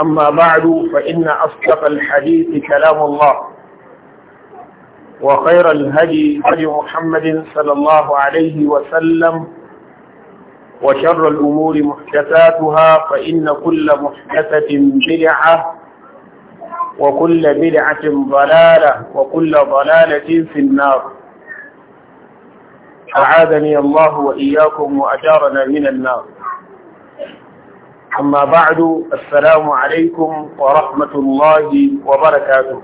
أما بعد فإن أصدق الحديث كلام الله وخير الهدي هدي محمد صلى الله عليه وسلم وشر الأمور محدثاتها فإن كل محدثة بدعة وكل بدعة ضلالة وكل ضلالة في النار أعاذني الله وإياكم وأجارنا من النار أما بعد السلام عليكم ورحمة الله وبركاته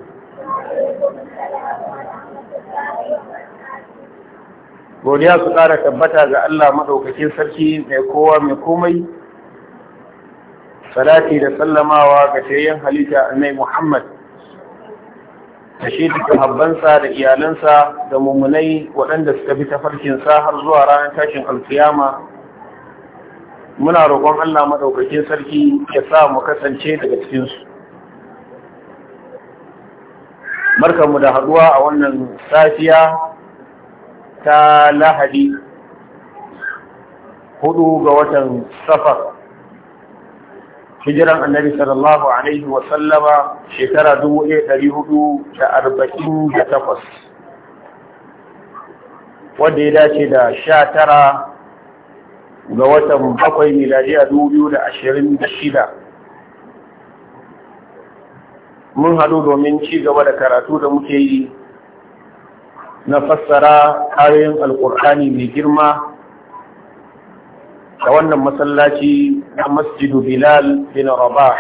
godiya su ƙara tabbata ga Allah maɗaukakin sarki mai kowa mai komai salati da sallamawa ga tayyan halitta annai Muhammad da shi duka habbansa da iyalansa da mummunai waɗanda suka bi tafarkinsa har zuwa ranar tashin alkiyama muna roƙon Allah maɗaukakin sarki ya sa mu kasance daga cikinsu. Markanmu da haɗuwa a wannan safiya ta lahadi hudu ga watan safar. Hijiran annabi sallallahu Alaihi wasallama shekara dubu da da hudu arba'in takwas. Wanda ya dace da sha tara ga watan bakwai a dubu biyu da ashirin da shida mun haɗu domin ci gaba da karatu da muke yi na fassara ayoyin alƙur'ani mai girma da wannan masallaci na masjidu bilal bin rabah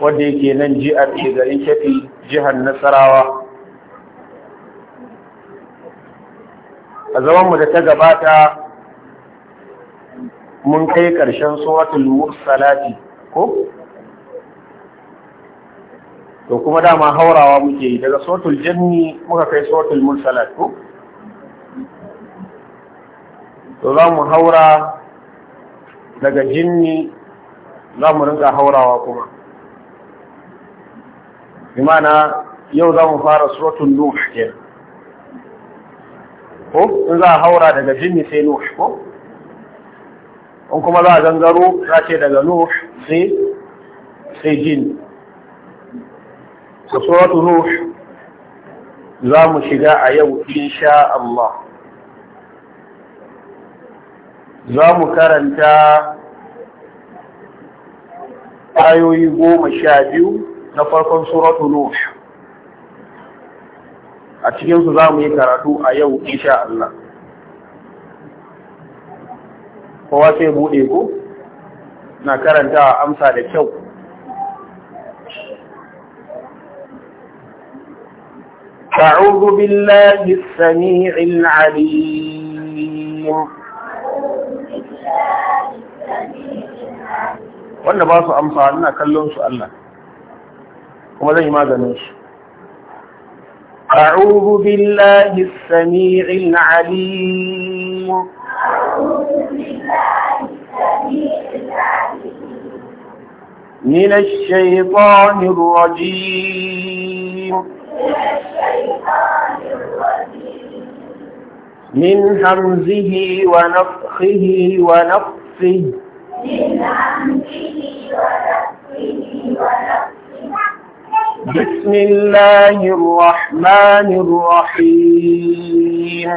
wanda yake nan jihar ke garin shafi jihar nasarawa a zamanmu da ta gabata mun kai ƙarshen suratul mursalati ko to kuma dama haurawa muke yi daga suratul janni muka kai suratul mursalat ko to za mu haura daga jinni za mu rinka haurawa kuma imana yau za mu fara suratul nuh kenan ko in za a haura daga jinni sai nuh ko in kuma za a gangaro za ce daga nuh sai sai jin suratu nuh za mu shiga a yau sha Allah za mu karanta ayoyi goma sha biyu na farkon suratu nuh a cikinsu za mu yi karatu a yau insha Allah kowa sai buɗe ko na karanta amsa da kyau أعوذ بالله السميع alim. wanda ba su amsa ina kallon su Allah kuma zai maganin su أعوذ بالله السميع العليم من الشيطان الرجيم من همزه ونفخه ونفخه من همزه ونفخه ونفخه بسم الله الرحمن الرحيم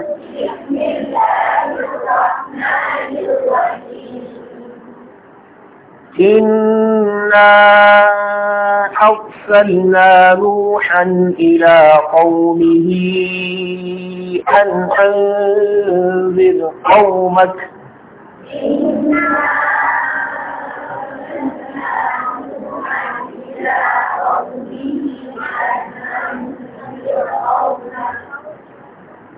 إنا أرسلنا نوحا إلى قومه أن أنذر قومك إنا أرسلنا نوحا إلى قومه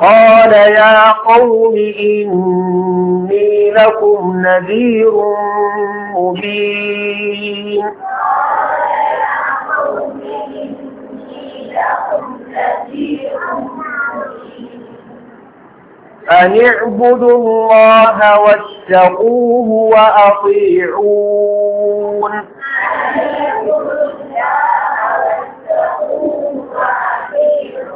قال يا قوم إني لكم نذير مبين أن اعبدوا الله واتقوه وأطيعون أن اعبدوا الله واتقوه وأطيعون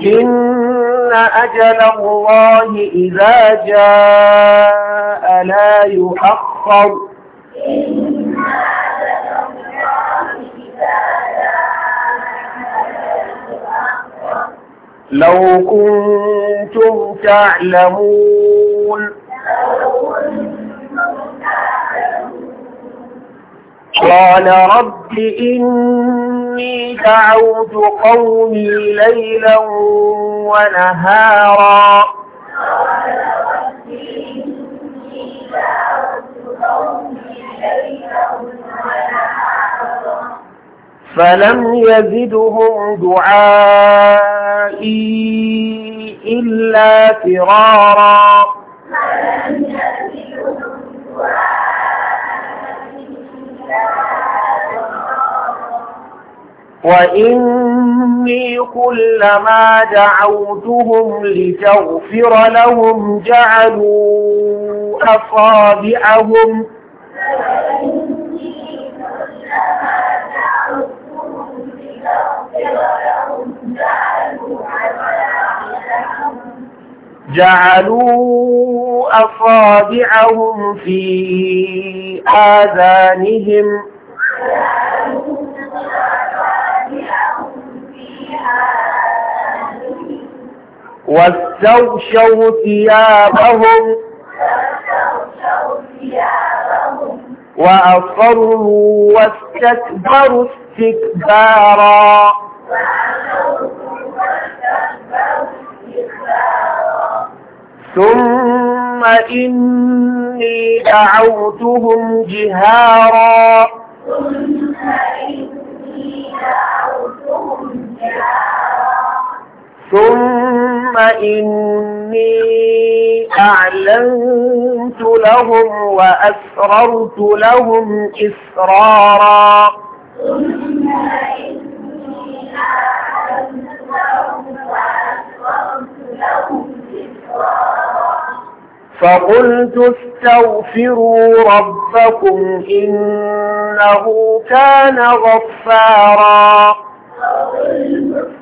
إن أجل الله إذا جاء لا يحقر لو كنتم تعلمون قال رب إني تعود قومي ليلا ونهارا فلم يزدهم دعائي إلا فرارا فلم وإني كلما دعوتهم لتغفر لهم جعلوا أصابعهم جعلوا أصابعهم في آذانهم واستغشوا ثيابهم وأصروا واستكبروا استكبارا ثم إني دعوتهم جهارا ثم إني دعوتهم جهارا ثم إني أعلنت لهم وأسررت لهم إسرارا فقلت استغفروا ربكم إنه كان غفارا فقلت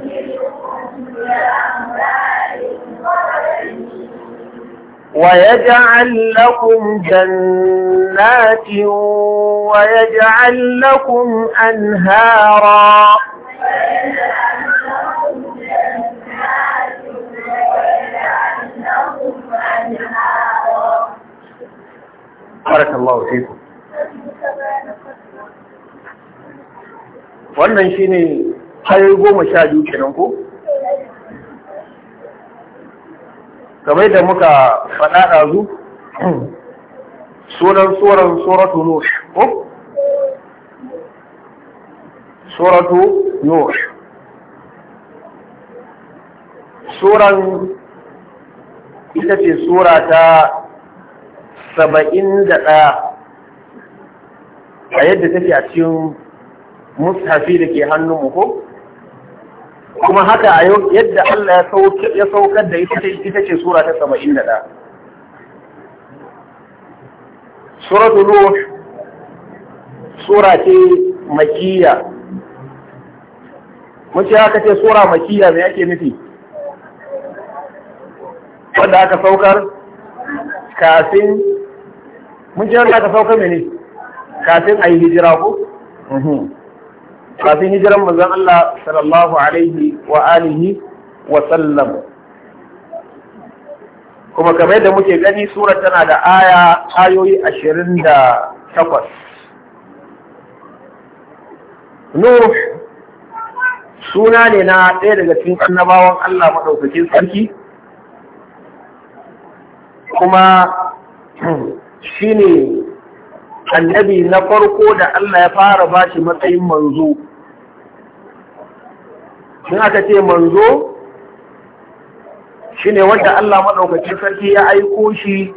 ويجعل لكم جنات ويجعل لكم أنهارا بارك الله فيكم wannan shine har goma sha biyu kenan ko kamar da muka faɗa ɗazu sunan tsoron tsoratu nush tsoron ita ce tsora ta saba'in da ɗaya a yadda take a cikin mushafi da ke hannun mu ko? kuma haka a yau yadda Allah ya saukar da ita ce sura ta 71 suratul ruh sura ce makiyya mun haka ce sura makiyya me ake nufi wanda aka saukar kafin mun ce wanda aka saukar mene kafin a yi hijira ko mhm. kafin hijiran manzon Allah sallallahu alaihi wa alihi wa sallam kuma kamar da muke gani surar tana da aya ayoyi ashirin da takwas Nuh suna ne na ɗaya daga cikin annabawan Allah maɗaukakin sarki kuma shine annabi na farko da Allah ya fara bashi matsayin manzo sun aka ce manzo ne wanda Allah maɗaukacin sarki ya aiko shi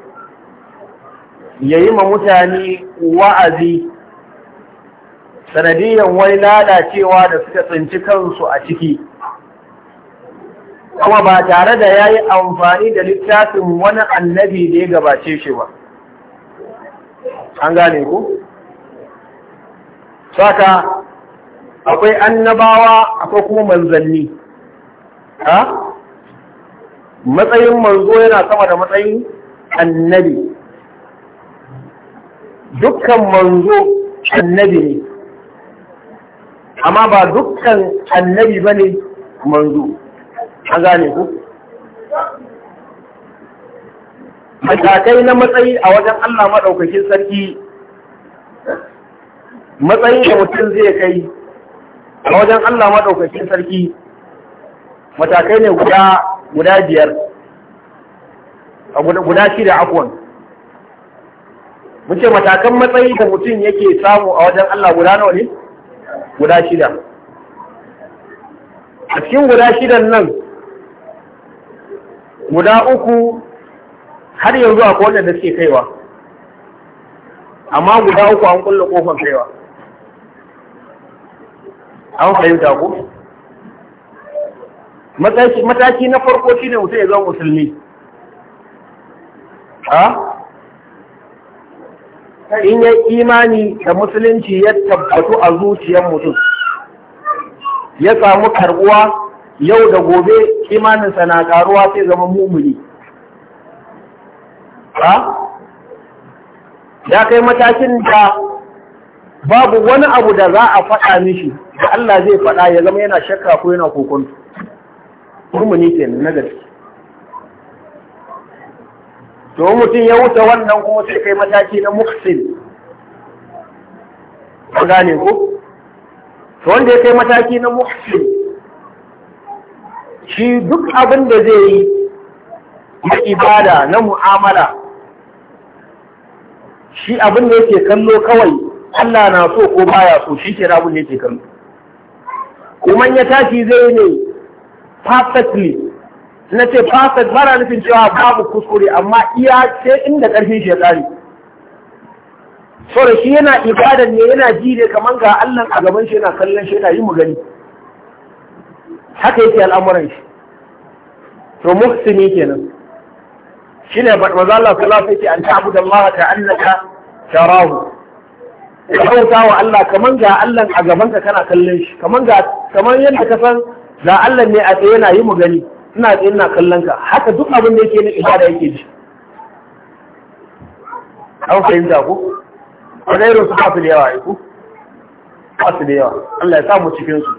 ya yi ma mutane wa'azi sanadiyan wai lalacewa da suka tsinci kansu a ciki kuma ba tare da ya yi amfani da littafin wani annabi da ya gabace shi ba an gane ku saka akwai annabawa akwai kuma manzanni ha matsayin manzo yana sama da matsayin annabi dukkan manzo annabi ne amma ba dukkan annabi ba ne manzo an gane ku matakai na matsayi a wajen Allah maɗaukakin sarki matsayin da mutum zai kai a wajen Allah maɗaukakin sarki matakai ne guda biyar guda shida akwai muke matakan matsayi da mutum yake samu a wajen Allah guda nawa ne guda shida a cikin guda shidan nan guda uku har yanzu akwai wanda suke kaiwa amma guda uku an kulle kofar kaiwa an fahimta ko mataki na farko ne mutum ya zama musulmi a in yi imani da musulunci ya tabbatu a zuciyar mutum ya samu karbuwa yau da gobe imaninsa na karuwa sai zama mumuni ya kai matakin da babu wani abu da za a faɗa mishi da Allah zai faɗa ya zama yana shakka ko yana kokonto ne ke na gaske to mutum ya wuce wannan kuma sai kai mataki na muhsin ku gane ko to wanda ya kai mataki na muhsin shi duk abin da zai yi na ibada na mu'amala shi abin da yake kallo kawai Allah na so ko baya so shi ke rabun yake kan kuma ya tashi zai ne perfectly na ce perfect bara nufin cewa babu kuskure amma iya ce inda ƙarfin shi ya tsari saboda shi yana ibada ne yana ji ne kamar ga Allah a gaban shi yana kallon shi yana yi mu gani haka yake al'amuran shi to muhsini kenan shine manzo Allah sallallahu alaihi wasallam yake an ta'budu Allah ta annaka tarahu ka bauta wa Allah kaman ga Allah a gabanka kana kallon shi kaman ga kaman yadda ka san ga Allah ne a tsaye yana yi mu gani ina tsaye ina kallon ka haka duk abin da yake ne ibada yake ji an fahimta ku wani irin su ka fili yawa ya ku kasu yawa Allah ya samu cikin su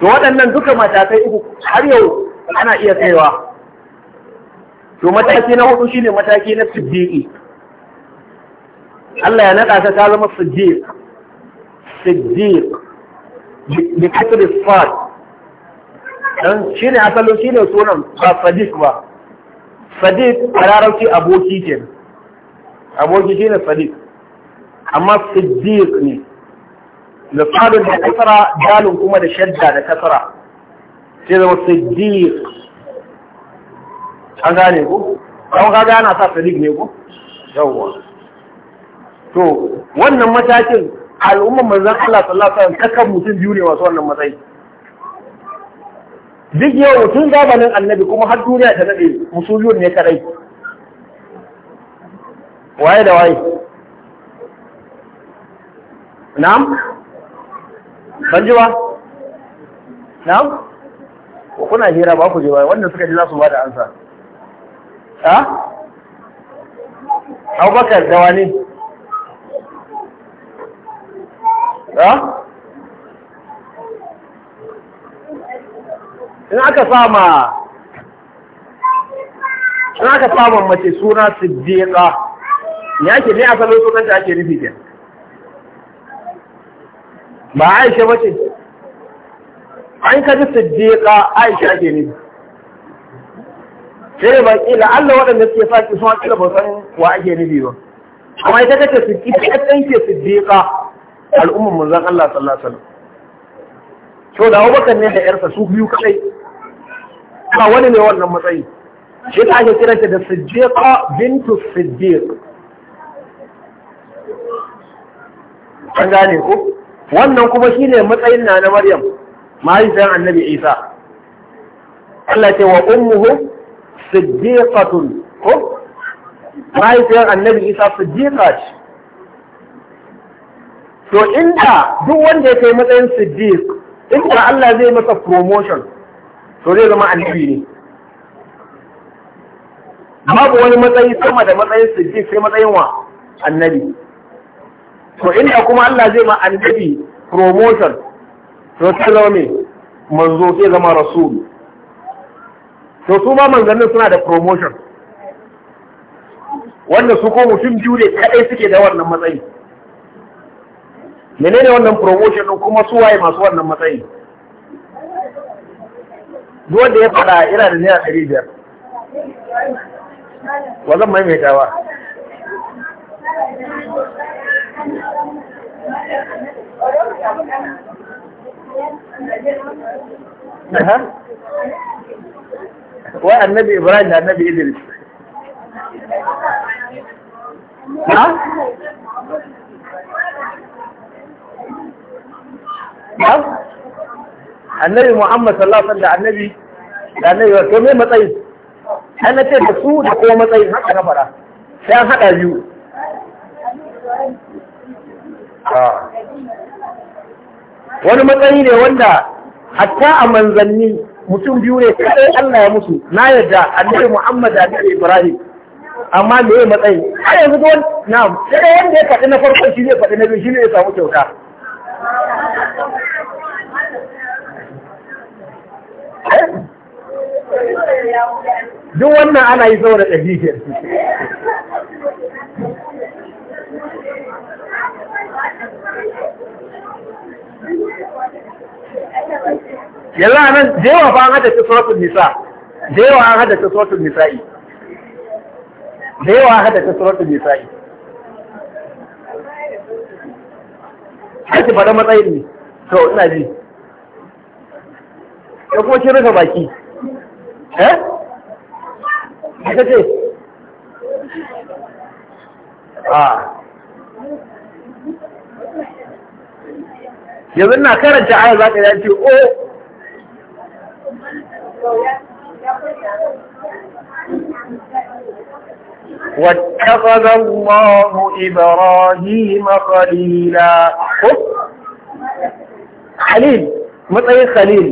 to waɗannan duka matakai uku har yau ana iya kaiwa to mataki na hudu shine mataki na siddiqi Allah ya naɗa ta ka zama siddiq siddiq bi kasr as-sad dan shine asalo shine sunan ba sadiq ba sadiq a larabci aboki ke aboki shine sadiq amma siddiq ne da sadin da kasara dalin kuma da shadda da kasara sai zama siddiq an gane ku kawai kaga ana sa sadiq ne ku yawwa to wannan matakin al'ummar manzan Allah sallallahu alaihi wasallam takan mutum biyu ne masu wannan matsayi duk yau mutum zamanin annabi kuma har duniya ta nade biyu ne kadai waye da waye na'am ban ji ba na'am ko kuna hira ba ku je ba wannan suka ji za su ba da ansa ha Abubakar da wani ha in aka sama in aka sama mace suna siddiqa ya ke ne salo sunan da ake nufi ke ba aisha mace an kaji siddiqa aisha ake nufi sai ba kila Allah waɗanda suke saki sun kila ba san wa ake nufi ba amma ita kace siddiqa al'umman manzan Allah sallallahu alaihi wasallam to da Abubakar ne da yarsa su biyu kai ba wani ne wannan matsayi shi ta ake kiranta da Siddiqa bintu Siddiq an gane ku wannan kuma shine matsayin na na Maryam mahaifiyar Annabi Isa Allah ce wa ummuhu siddiqatun ko mahaifiyar Annabi Isa siddiqa ce to inda duk wanda ya kai matsayin siddiq inda Allah zai masa promotion to zai zama annabi ne babu wani matsayi sama da matsayin siddiq sai matsayin wa annabi to inda kuma Allah zai ma annabi promotion to sai zama me manzo sai zama rasul to su ma manzannin suna da promotion wanda su ko mutum biyu ne kadai suke da wannan matsayi menene wannan promotion din kuma su waye masu wannan matsayi duwar wanda ya fada ina da naira ɗari biyar wa zan maimaita ba wa annabi ibrahim da annabi idris annabi Muhammad sallallahu alaihi wasallam da annabi da annabi to me matsayi sai na ce da su da kuma matsayi haka na fara sai an hada biyu ah. wani matsayi ne wanda hatta a manzanni mutum biyu ne kadai Allah ya musu na yadda annabi Muhammad da annabi Ibrahim amma me matsayi har yanzu don na'am sai wanda ya faɗi na farko shi ne faɗi na biyu shi ne ya samu kyauta Eh? duk wannan ana yi saboda ɗabi'ar yanzu a nan da yawa ba an haddace suratul nisa da yawa an haddace suratul nisa'i da yawa an haddace suratul nisa'i har ki faɗa matsayin ne to ina ji ya kuma kin baki eh ka ce a yanzu na karanta aya za ka yace o oh. واتخذ الله إبراهيم خليلا khalil matsayin khalil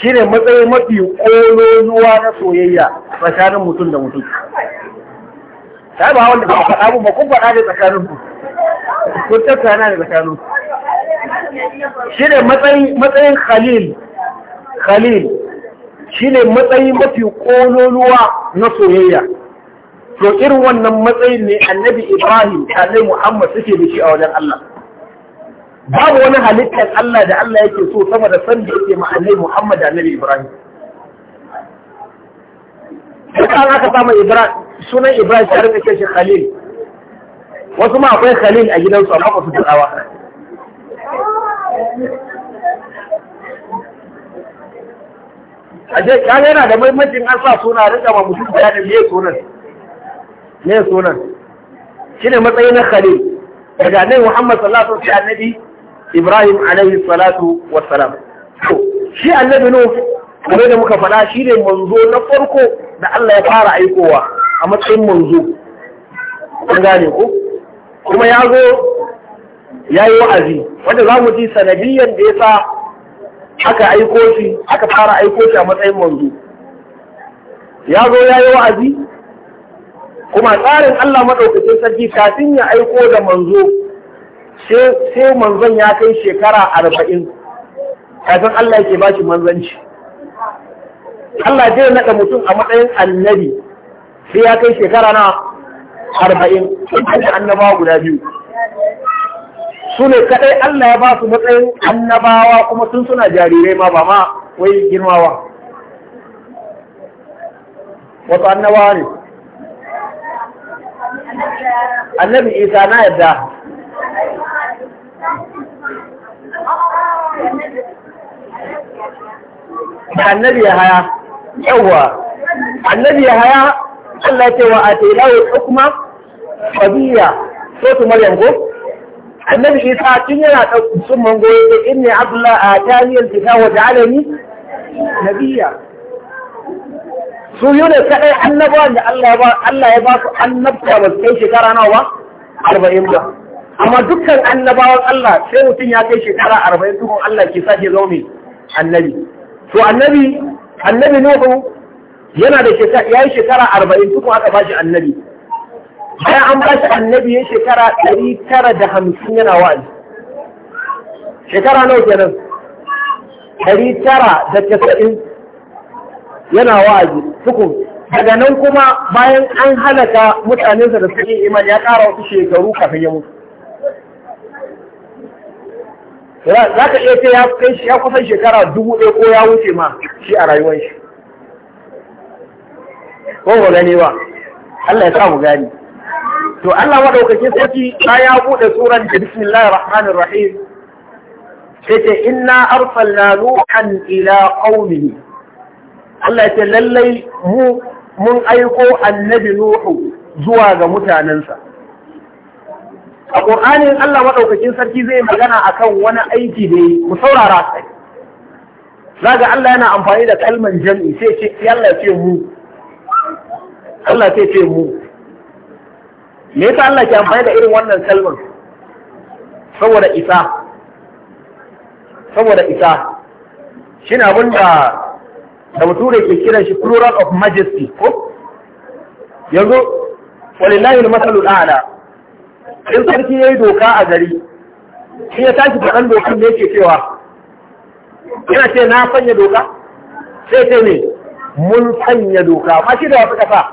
shine matsayi mafi kololuwa na soyayya tsakanin mutum da mutum ta ba wanda ba faɗa mu ba kun faɗa ne tsakanin ku kun tattauna ne tsakanin Shi matsayin matsayin khalil khalil shine matsayi mafi kololuwa na soyayya to irin wannan matsayin ne annabi ibrahim da annabi muhammad suke da shi a wajen allah babu wani halittar Allah da Allah yake so sama da san da yake ma Muhammad da annabi Ibrahim Sai an aka samu Ibrahim sunan Ibrahim tare da shi Khalil wasu ma akwai Khalil a gidansu amma ba su tsawa Aje je yana da muhimmancin an sa suna rinka ma mutum bayanin ne sunan ne sunan shine matsayin Khalil daga nan Muhammad sallallahu alaihi wasallam annabi Ibrahim alaihi salatu salam. to shi annabi Nuh kuma da muka faɗa shi ne manzo na farko da Allah ya fara aikowa a matsayin manzo kun gane ko kuma ya zo ya yi wa'azi wanda za mu ji sanadiyyar da ya sa aka aiko shi aka fara aiko shi a matsayin manzo ya zo ya yi wa'azi kuma tsarin Allah maɗaukacin sarki kafin ya aiko da manzo sai manzon ya kai shekara arba'in kafin Allah yake ba shi manzanci Allah zai naɗa mutum a matsayin annabi sai ya kai shekara na arba'in da annabawa guda biyu su ne kaɗai Allah ya ba su matsayin annabawa kuma sun suna jarirai ma ba ma wai girmawa wasu annabawa ne annabi isa na yadda annabi ya haya yawa annabi ya haya Allah ce wa atailawo hukuma fadiya so tu maryam ko annabi shi sa tun yana ɗauki sun mango yake inni abdullah a tariyar kita wa ta'alani nabiya su yi ne kaɗai annabawan da Allah ya ba su annabta ba su kai shekara nawa ba arba'in ba amma dukkan annabawan Allah sai mutum ya kai shekara arba'in tukun Allah ke sake zama mai annabi to annabi annabi Nuhu yana da shekara yi shekara arba'in tukun aka bashi annabi bayan an bashi annabi ya shekara ɗari tara da hamsin yana wa'azi shekara nawa kenan ɗari tara da casa'in yana wa'azi tukun daga nan kuma bayan an halaka mutanensa da suke iman ya ƙara wasu shekaru kafin ya mutu za ka iya ce ya kusan shekara dubu ɗaya ko ya wuce ma shi a rayuwar shi ko ba gani ba Allah ya sa mu gani to Allah daukake sarki ta ya bude suran da bismillahir rahmanir rahim sai ce inna arsalna nuhan ila qaumihi Allah ya ce lallai mu mun aiko annabi nuhu zuwa ga mutanensa a ƙur'anin Allah maɗaukakin sarki zai magana a kan wani aiki da yi ku saurara sai za ga Allah yana amfani da kalman jam'i sai ce Allah ce mu Allah sai ce mu me yasa Allah ke amfani da irin wannan kalman saboda isa saboda isa shine abin da da ke kiran shi plural of majesty ko yanzu walillahi al-masalul a'la in sarki ya yi doka a gari shi ya tashi faɗan dokan ne ke cewa yana ce na sanya doka sai ce ne mun sanya doka ma shi da wasu ƙasa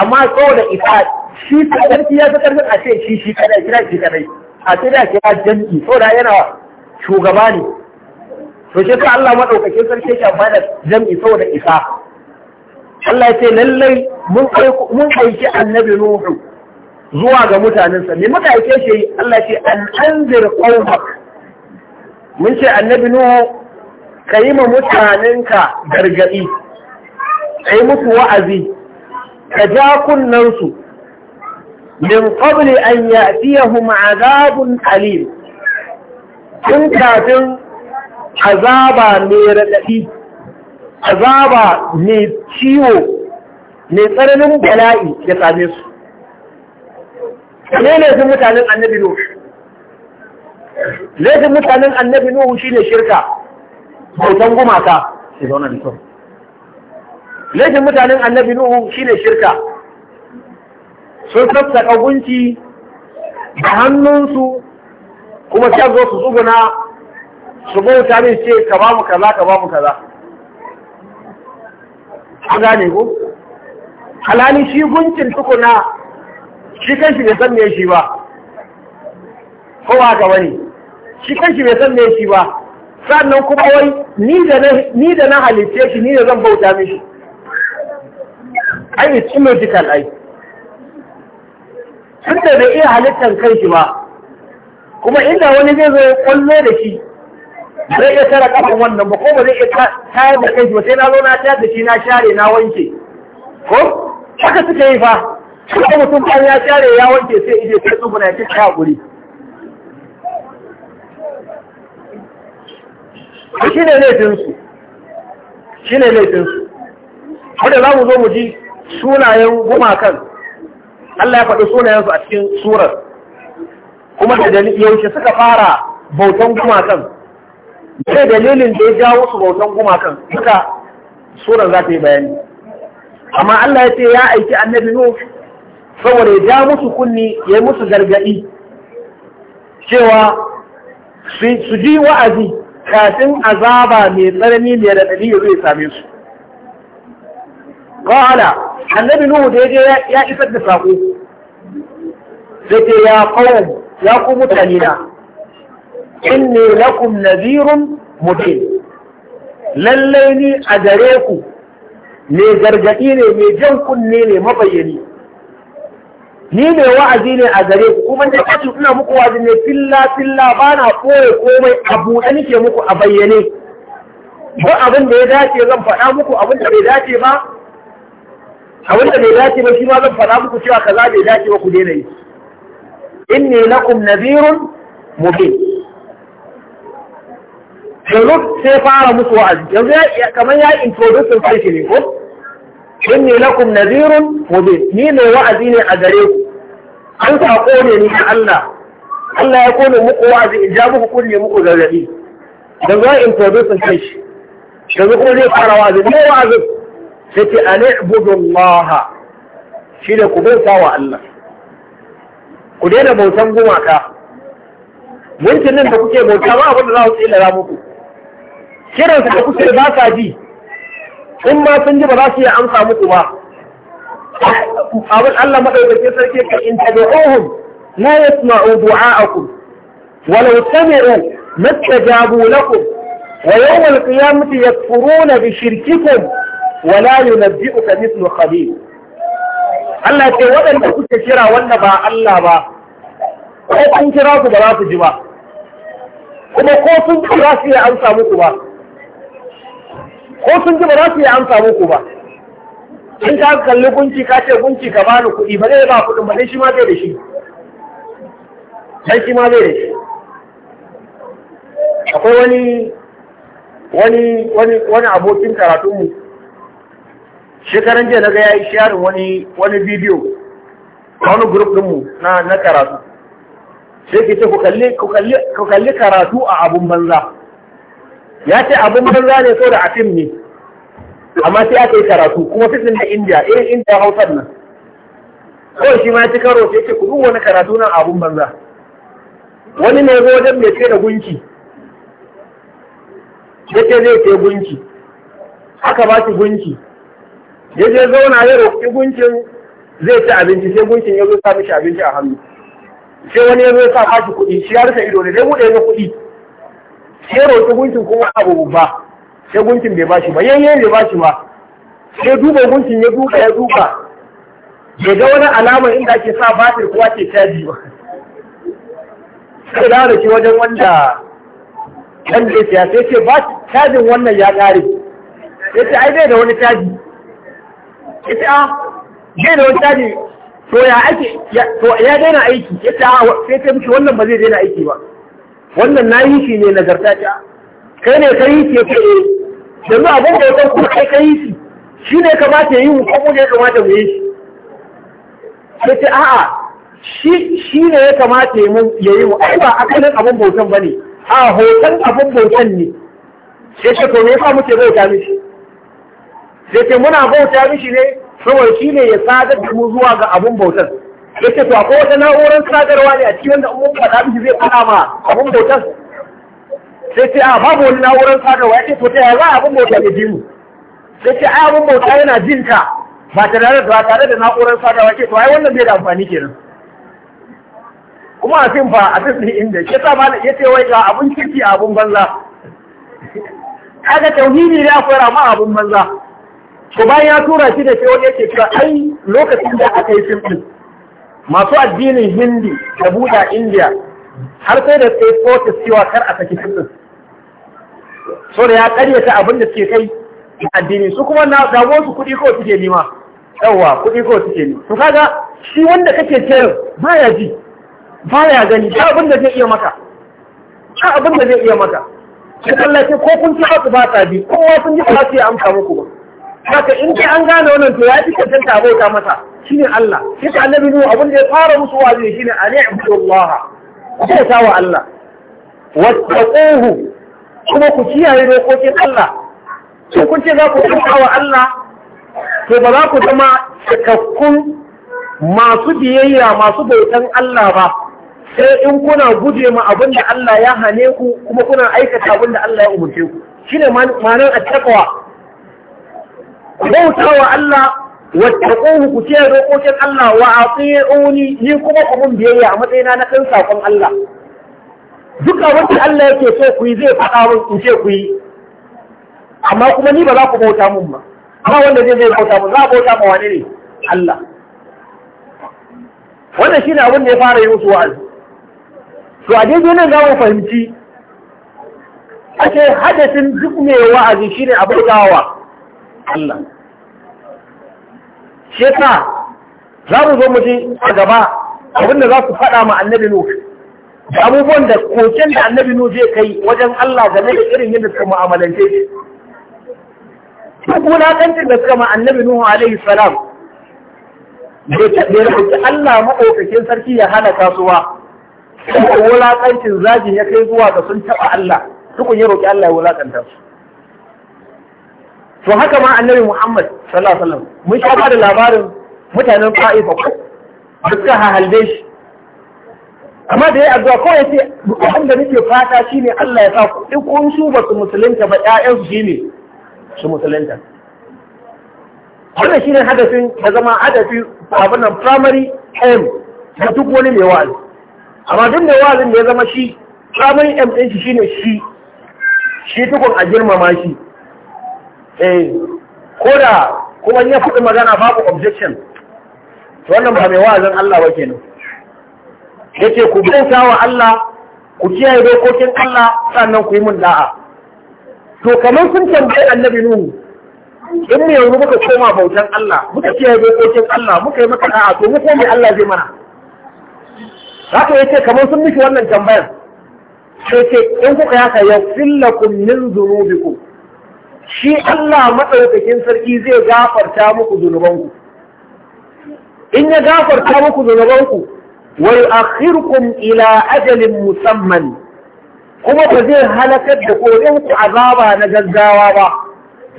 amma da ita shi sarki ya fi ƙarfin a ce shi shi kadai kira shi kadai a ce da kira jam'i da yana shugaba ne to shi ta Allah maɗaukakin sarki ya ba da jam'i da isa Allah ya ce lallai mun aiki annabi Nuhu zuwa ga mutanensa me muka aike shi Allah ce an anzir qawma mun ce annabi nuhu kai ma mutanenka gargadi kai musu wa'azi ka ja kunnansu min qabli an ya'tiyahum azabun alim tun kafin azaba mai radadi azaba mai ciwo mai tsananin bala'i ya same su ne laifin mutanen annabi nuhu laifin mutanen annabi nuhu ne shirka bautan gumaka shi zauna da kyau laifin mutanen annabi nuhu shi ne shirka sun sassaka ƙagunci da hannunsu kuma sai zo su tsuguna su bauta min ce ka ba mu kaza ka ba mu kaza an gane ko halali shi guncin tukuna shi kanshi bai san me shi ba ko ba ga wani shi kanshi bai san me shi ba sannan kuma wai ni da na halitta shi ni da zan bauta mishi ai it's medical ai tun da bai iya halittar kanshi ba kuma inda wani zai zo kwallo da shi zai iya tara kafin wannan ba ko ba zai iya tayar da kanshi ba sai na zo na tayar da shi na share na wanke ko haka suka yi fa Kuma mutum kan ya tsare ya wanke sai ije kai tsubuna ya kika haƙuri. Shi ne laifinsu. Shi ne laifinsu. Wanda za mu zo mu ji sunayen gumakan. Allah ya faɗi sunayensu a cikin surar. Kuma da yaushe suka fara bautan gumakan. Sai dalilin da ya jawo su bautan gumakan suka surar za ta yi bayani. Amma Allah ya ce ya aiki annabi Nuhu saboda ya ja musu kunni ya yi musu gargaɗi cewa su ji wa'azi kafin azaba mai tsanani mai raɗaɗi ya zai same su. Ƙwala, annabi Nuhu da ya ya isar da saƙo, da ke ya kawo ya ku mutane na, in ne lakum nazirun mutum, lallai ni a gare ku, mai gargaɗi ne mai jan kunne ne mabayyani. ni mai wa'azi ne a gare ku kuma da kashi ina muku wa'azi ne filla filla ba na koye komai a buɗe nake muku a bayyane ba abin da ya dace zan faɗa muku abin da bai dace ba abin da bai dace ba shi ma zan faɗa muku cewa kaza bai dace ba ku daina yi inni lakum nadhirun mubin Jalus sai fara musu wa'azi yanzu kamar ya introduce farce ne ko inni lakum nadhirun mubin ni ne wa'azi ne a gare ku an sako ne ni Allah Allah ya kone muku wa'azi in ja muku kunne muku gargadi dan zo introduce kai shi yanzu kuma zai fara wa'azi ne wa'azi sai ce an ibudu Allah shi ne ku bauta wa Allah ku daina bautan gumaka mintin nan da kuke bauta ba abin da za ku tsira muku kiransa da kuke ba ka ji in ma sun ji ba za su iya amsa muku ba abin Allah madaukakin sarki ka in tad'uhum la yasma'u du'a'akum walau sami'u mastajabu lakum wa yawm al-qiyamati yakfuruna bi shirkikum wa la yunabbi'uka mithlu khabir Allah ce waɗanda kuka kira wanda ba Allah ba ko kun kira ku ba za su ji ba kuma ko sun kira su iya amsa muku ba ko sun ji ba za su yi amsa muku ba in ka kalli gunki ka ce gunki ka bani kuɗi ba zai ba kuɗin ba dai shi ma zai da shi dan shi ma zai da shi akwai wani wani wani wani abokin mu shekaran jiya na ga yayi sharin wani wani bidiyo wani group ɗinmu na na karatu sai ke ce ku kalli ku kalli ku kalli karatu a abun banza ya ce abin banza ne so da afin ne amma sai aka yi karatu kuma fitin da indiya irin eh, indiya hausar nan kawai shi ma ci karo sai ce ku wani karatu nan abin banza wani ne zo wajen mai ce da gunki ya ce zai ce gunki aka ba shi gunki ya je zauna ya roƙi gunkin zai ci abinci sai gunkin ya zo sa mishi abinci a hannu sai wani ya zo ya sa kashi kuɗi shi ya rufe ido ne dai buɗe ya kuɗi sai roƙi gunkin kuma abu ba sai gunkin bai bashi ba yayyen bai bashi ba sai duba gunkin ya duka ya duka bai ga wani alamar inda ake sa batir kuwa ke caji ba sai da shi wajen wanda kan da ya sai ce ba cajin wannan ya kare ya ce ai bai da wani caji ya ce a ah, bai da wani caji to ya ake to ya daina aiki ya ce a ah, sai ta wannan ba zai daina aiki ba wannan na yi shi ne nagarta ta kai ne ka yi shi kai ce eh, yanzu abin da ya san kuma kai ka yi shi shi ne kamata ya yi mu kuma ne kamata mu yi shi sai ce a'a shi ne ya kamata ya yi mu ai ba akalin abin bautan ba ne a hoton abin bautan ne sai ce to me yasa muke bauta mishi sai ce muna bauta mishi ne saboda shi ne ya sadar da mu zuwa ga abin bautan ya ce to akwai wata na'urar sadarwa ne a cikin wanda mun faɗa miki zai faɗa ma abin bautar sai ce a ah, babu wani na'urar sadarwa ya ce to ta yaya za abin bauta ya ji sai ce a abin bauta yana jin ka ba tare da tare da na'urar sadarwa ce to ai wannan bai da amfani kenan kuma a fim fa a fin inda ya sa malam ya ce wai ga abun kirki a abun banza kaga tauhidi ne akwai rama abun banza to bayan ya tura shi da ce wani yake cewa ai lokacin da aka yi fim din masu addinin hindi da buda india har sai da sai kotu cewa kar a saki fitnin so da ya karyata abin da suke kai addini su kuma na damuwar su kuɗi ko suke nima yawwa kuɗi ko suke nima to kaga shi wanda kake cewa baya ji baya gani ba abin da zai iya maka ba abin da zai iya maka sai Allah ce ko kun ci ba ta bi kowa sun ji ba sai an samu ku ba haka in dai an gane wannan to ya fi cancanta abota masa shine Allah shi ta annabi nuhu abin ya fara musu wazi shine a ya'budu Allah sai ta wa Allah wattaquhu kuma ku kiyaye dokokin Allah to kun ce za ku tsaya wa Allah to ba za ku zama cikakkun masu biyayya masu bautan Allah ba sai in kuna guje ma abin da Allah ya hane ku kuma kuna aikata abin Allah ya umarce ku shine ma'anar at bautawa Allah wattaquhu ku ce roƙokin Allah wa ati'uni ni kuma ku mun biyayya a matsayina na kan saƙon Allah duka wanda Allah yake so ku yi zai faɗa mun in ce ku yi amma kuma ni ba za ku bauta mun ba amma wanda zai zai bauta mun za a bauta ma wani ne Allah wannan ne abin da ya fara yi musu wa'azi to a daidai nan za mu fahimci ake hadasin duk mai wa'azi shi ne shine wa. Allah shi yasa za mu zo mu ji a gaba abinda za su faɗa ma annabi Nuh abubuwan da koken da annabi Nuh zai kai wajen Allah game da irin yadda suka mu'amalance shi duk wulaƙancin da suka ma annabi Nuh alaihi salam bai rubuta Allah maɗaukakin sarki ya halaka su ba wulaƙancin zagin ya kai zuwa ga sun taɓa Allah tukun ya roƙi Allah ya wulaƙanta su to haka ma annabi Muhammad sallallahu alaihi wasallam mun sha da labarin mutanen Fa'ifa ko suka hahalbe shi amma da ya addu'a ko ya ce abin da nake fata shine Allah ya sa ku in kun su ba su musulunta ba ƴaƴan su shine su musulunta wannan shine hadafin da zama hadafi abin nan primary aim da duk wani mai wa'azi amma duk mai wa'azin da ya zama shi primary aim ɗin shi shine shi shi tukun a girmama shi eh ko da kuma ya faɗi magana babu objection wannan ba mai wa'azin Allah ba kenan yake ku bauta wa Allah ku kiyaye dokokin Allah sannan ku yi mun da'a to kamar sun tambaye annabi nuhu in mu yanzu muka koma bautan Allah muka kiyaye dokokin Allah muka yi maka da'a to mu komai Allah zai mana haka yake kamar sun miki wannan tambayar sai ce in kuka yaka yafillakum min dhunubikum shi Allah maɗaukakin sarki zai gafarta muku zunubanku in ya gafarta muku zunubanku a yu'akhirukum ila ajalin musamman kuma ba zai halakar da kodin ku azaba na gaggawa ba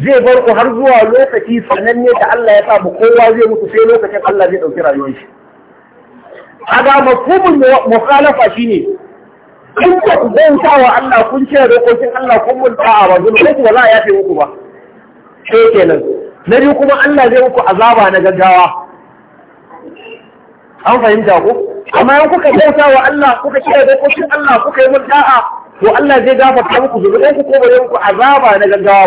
zai bar ku har zuwa lokaci sananne da Allah ya sa kowa zai mutu sai lokacin Allah zai ɗauki rayuwar shi. A ga mafhumin mukhalafa shine in ba ku bauta wa Allah kun ce dokokin Allah kun mun ta'a ba zuwa ku wala ya fi muku ba sai kenan na biyu kuma Allah zai muku azaba na gaggawa an fahimta ku amma in kuka bauta wa Allah kuka ce dokokin Allah kuka yi mun ta'a, to Allah zai gafarta muku zuwa ku ko bare muku azaba na gaggawa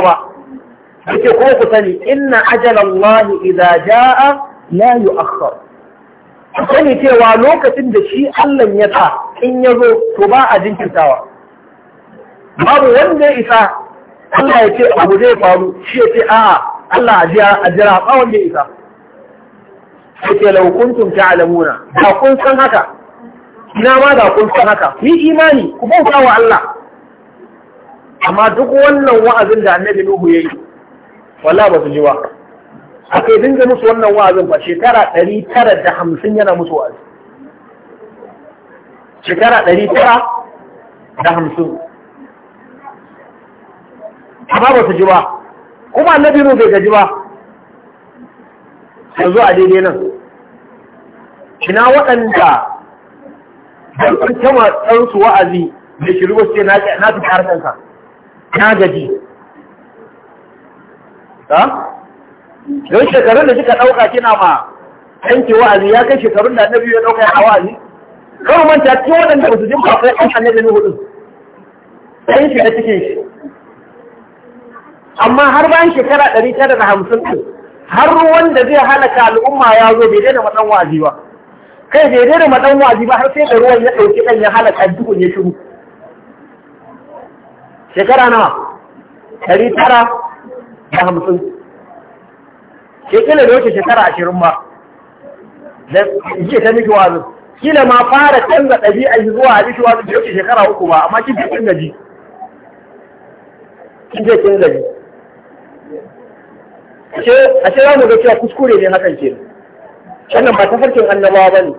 ba yake ko ku sani inna ajalallahi idza jaa la yu'akhkhar sani cewa lokacin da shi Allah ya sa in ya zo to ba a jinkirtawa babu wanda ya isa Allah ya ce abu zai faru shi ya ce a'a Allah a jira a jira ba wanda ya isa sai ce laukuntun ta alamuna. da kun san haka ina ma da kun san haka Ni imani ku bauta wa Allah amma duk wannan wa'azin da Annabi Nuhu yayi wallahi ba su ji ba kai dinga musu wannan wa'azin ba shekara ɗari tara da hamsin yana musu wa'azi shekara ɗari tara da hamsin amma ba su ji ba kuma annabi mu bai gaji ba zo a daidai nan Shina waɗanda sun kama ɗansu wa'azi da shiru ba su ce na fi harkanka na gaji ha? don shekarun da suka ɗauka kina ma yanke wa'azi ya kai shekarun da annabi ya ɗauka ya wa'azi kawai manta cikin waɗanda ba su jin ba kai an annabi ne hudu ɗan shi da cikin shi amma har bayan shekara ɗari tara da hamsin ɗin har wanda zai halaka al'umma ya zo bai daina maɗan wa'azi ba kai bai daina maɗan wa'azi ba har sai da ruwan ya ɗauki ɗan ya halaka dukkan ya shiru shekara nawa ɗari tara da hamsin ke kila da wace shekara ashirin ma da ke ta miki wazo kila ma fara canza ɗabi'a zuwa a miki wazo da wace shekara uku ba amma kin kin gaji kin je kin gaji ashe ashe za mu ga cewa kuskure ne hakan ke wannan ba farkin annabawa bane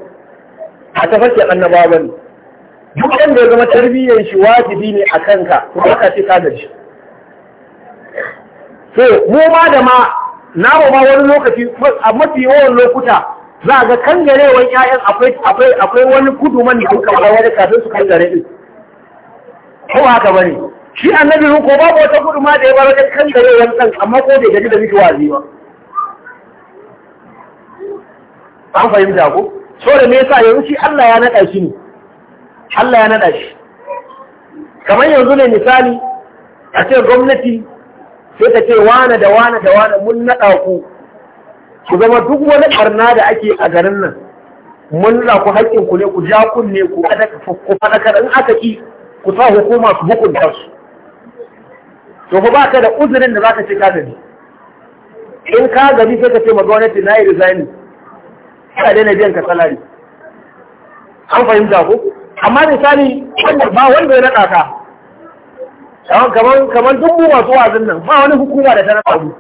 ba farkin annabawa bane duk da ya zama tarbiyyar shi wajibi ne a kanka kuma ka ce ka gaji so mu ma da ma ba ma wani lokaci a mafi yawan lokuta za a ga kangarewar 'ya'yan akwai wani gudu man da kuka ba wani kafin su kangare din ko haka ne? shi annabi ko babu wata gudu ma da ya bar wajen kangarewar san amma ko da gari da miki wazi ba an fahimta ko so da me yasa yanzu shi Allah ya naɗa shi ne Allah ya naɗa shi kamar yanzu ne misali a ce gwamnati sai ta ce wane da wane da wane mun naɗa ku ku zama duk wani ɓarna da ake a garin nan mun naɗa ku haƙƙin ku ne ku ja kunne ku ku faɗakar in aka ƙi ku sa hukuma su hukunta su to fa baka da uzurin da zaka ce ka gani in ka gani sai ka ce ma gwamnati na yi resigning ka daina biyan ka salari an fahimta ku? amma misali ba wanda ya naɗa ka kamar kamar duk mu masu wazin nan ba wani hukuma da ta raba mu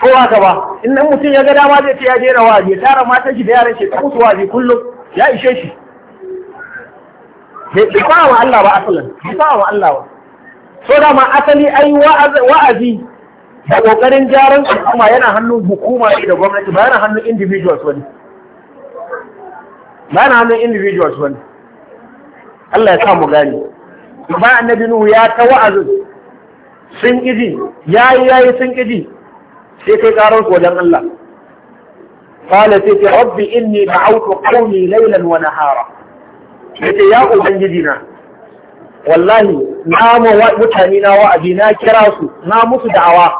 ko haka ba in nan mutum ya ga dama zai ce ya daina wazi ya tara matan shi da yaran shi ta musu wazi kullum ya ishe shi bai fa wa Allah ba asalin bai fa wa Allah ba so dama ma asali ai wa'azi da kokarin jaran al'umma yana hannun hukuma ne da gwamnati ba yana hannun individuals wani ba yana hannun individuals wani Allah ya sa mu gane ba annabi nuhu ya ta wa'azin sun ƙiji ya yi sun ƙiji sai kai su wajen Allah qala sai ce rabbi inni da'awtu qawmi laylan wa nahara yace ya ubangiji na wallahi na mu mutane na wa'azi na kira su na musu da'awa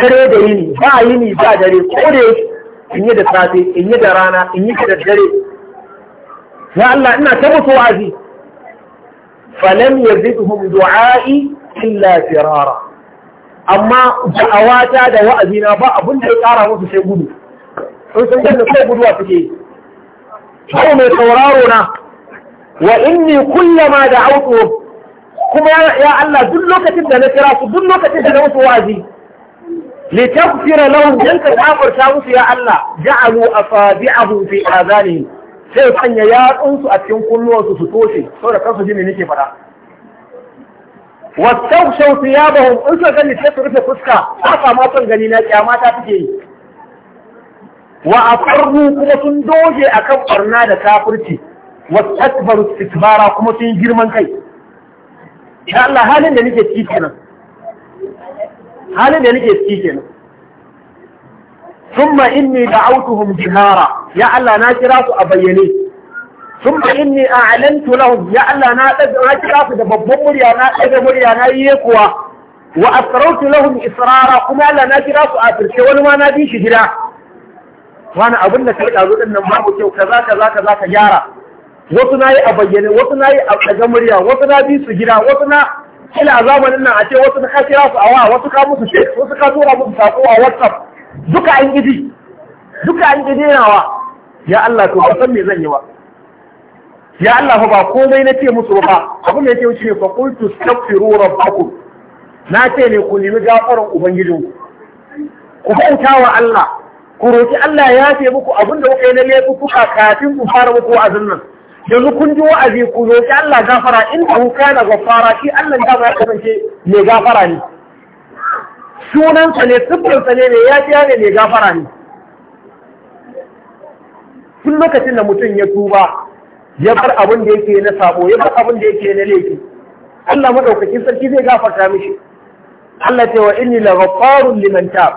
dare da yini ba yini ba dare ko da in yi da safe in yi da rana in yi da dare ya Allah ina ta musu wa'azi falam yazidhum du'a'i illa firara amma da'awata da wa'azina ba abin da ya kara musu sai gudu sun san yadda sai guduwa suke yi hau mai sauraro na wa inni kullama da auto kuma ya Allah duk lokacin da na kira su duk lokacin da na musu wa'azi li tafsira lahum dan ka gafarta musu ya Allah ja'alu asabi'ahu fi azanihim sai sanya yatsunsu a cikin kunnuwansu su toshe saboda kansu jini nake faɗa wasau shau su ya bahu in suka gani sai su rufe fuska ta sa son gani na kyama ta take yi wa aqarru kuma sun doge a kan barna da kafirci wa takbaru istikbara kuma sun girman kai ya Allah halin da nake ciki halin da nake ciki kenan thumma inni da'awtuhum jihara ya Allah na kira a bayyane thumma inni a'lantu lahum ya Allah na na da babban murya na daga murya na yi kuwa wa asrartu lahum kuma Allah na kira a firce wani ma na bi shi gida wani abin da kai dazu din nan babu kyau kaza kaza kaza ka gyara wasu na yi a bayyane wasu na yi a murya wasu na bi su gida wasu na zamanin nan a ce wasu ka a wasu ka musu wasu ka tura musu sako a WhatsApp duka an ƙiji duka an ƙiji nawa ya Allah to ba san me zan yi ba ya Allah fa ba komai na ce musu ba abin da yake wuce fa qultu astaghfiru rabbakum na ce ne ku nemi gafaran ubangijinku ku bauta wa Allah ku roki Allah ya ce muku abin da kuka yi na laifuka kafin ku fara muku wa'azin nan yanzu kun ji wa'azi ku roki Allah gafara in ku kana gafara shi Allah ya kasance mai gafara ne sunansa ne siffarsa ne mai yafiya ne mai gafara ne tun lokacin da mutum ya tuba ya bar abin da yake na sabo ya bar abin da yake na laifi Allah madaukakin sarki zai gafarta mishi Allah ce wa inni la ghaffarun liman tab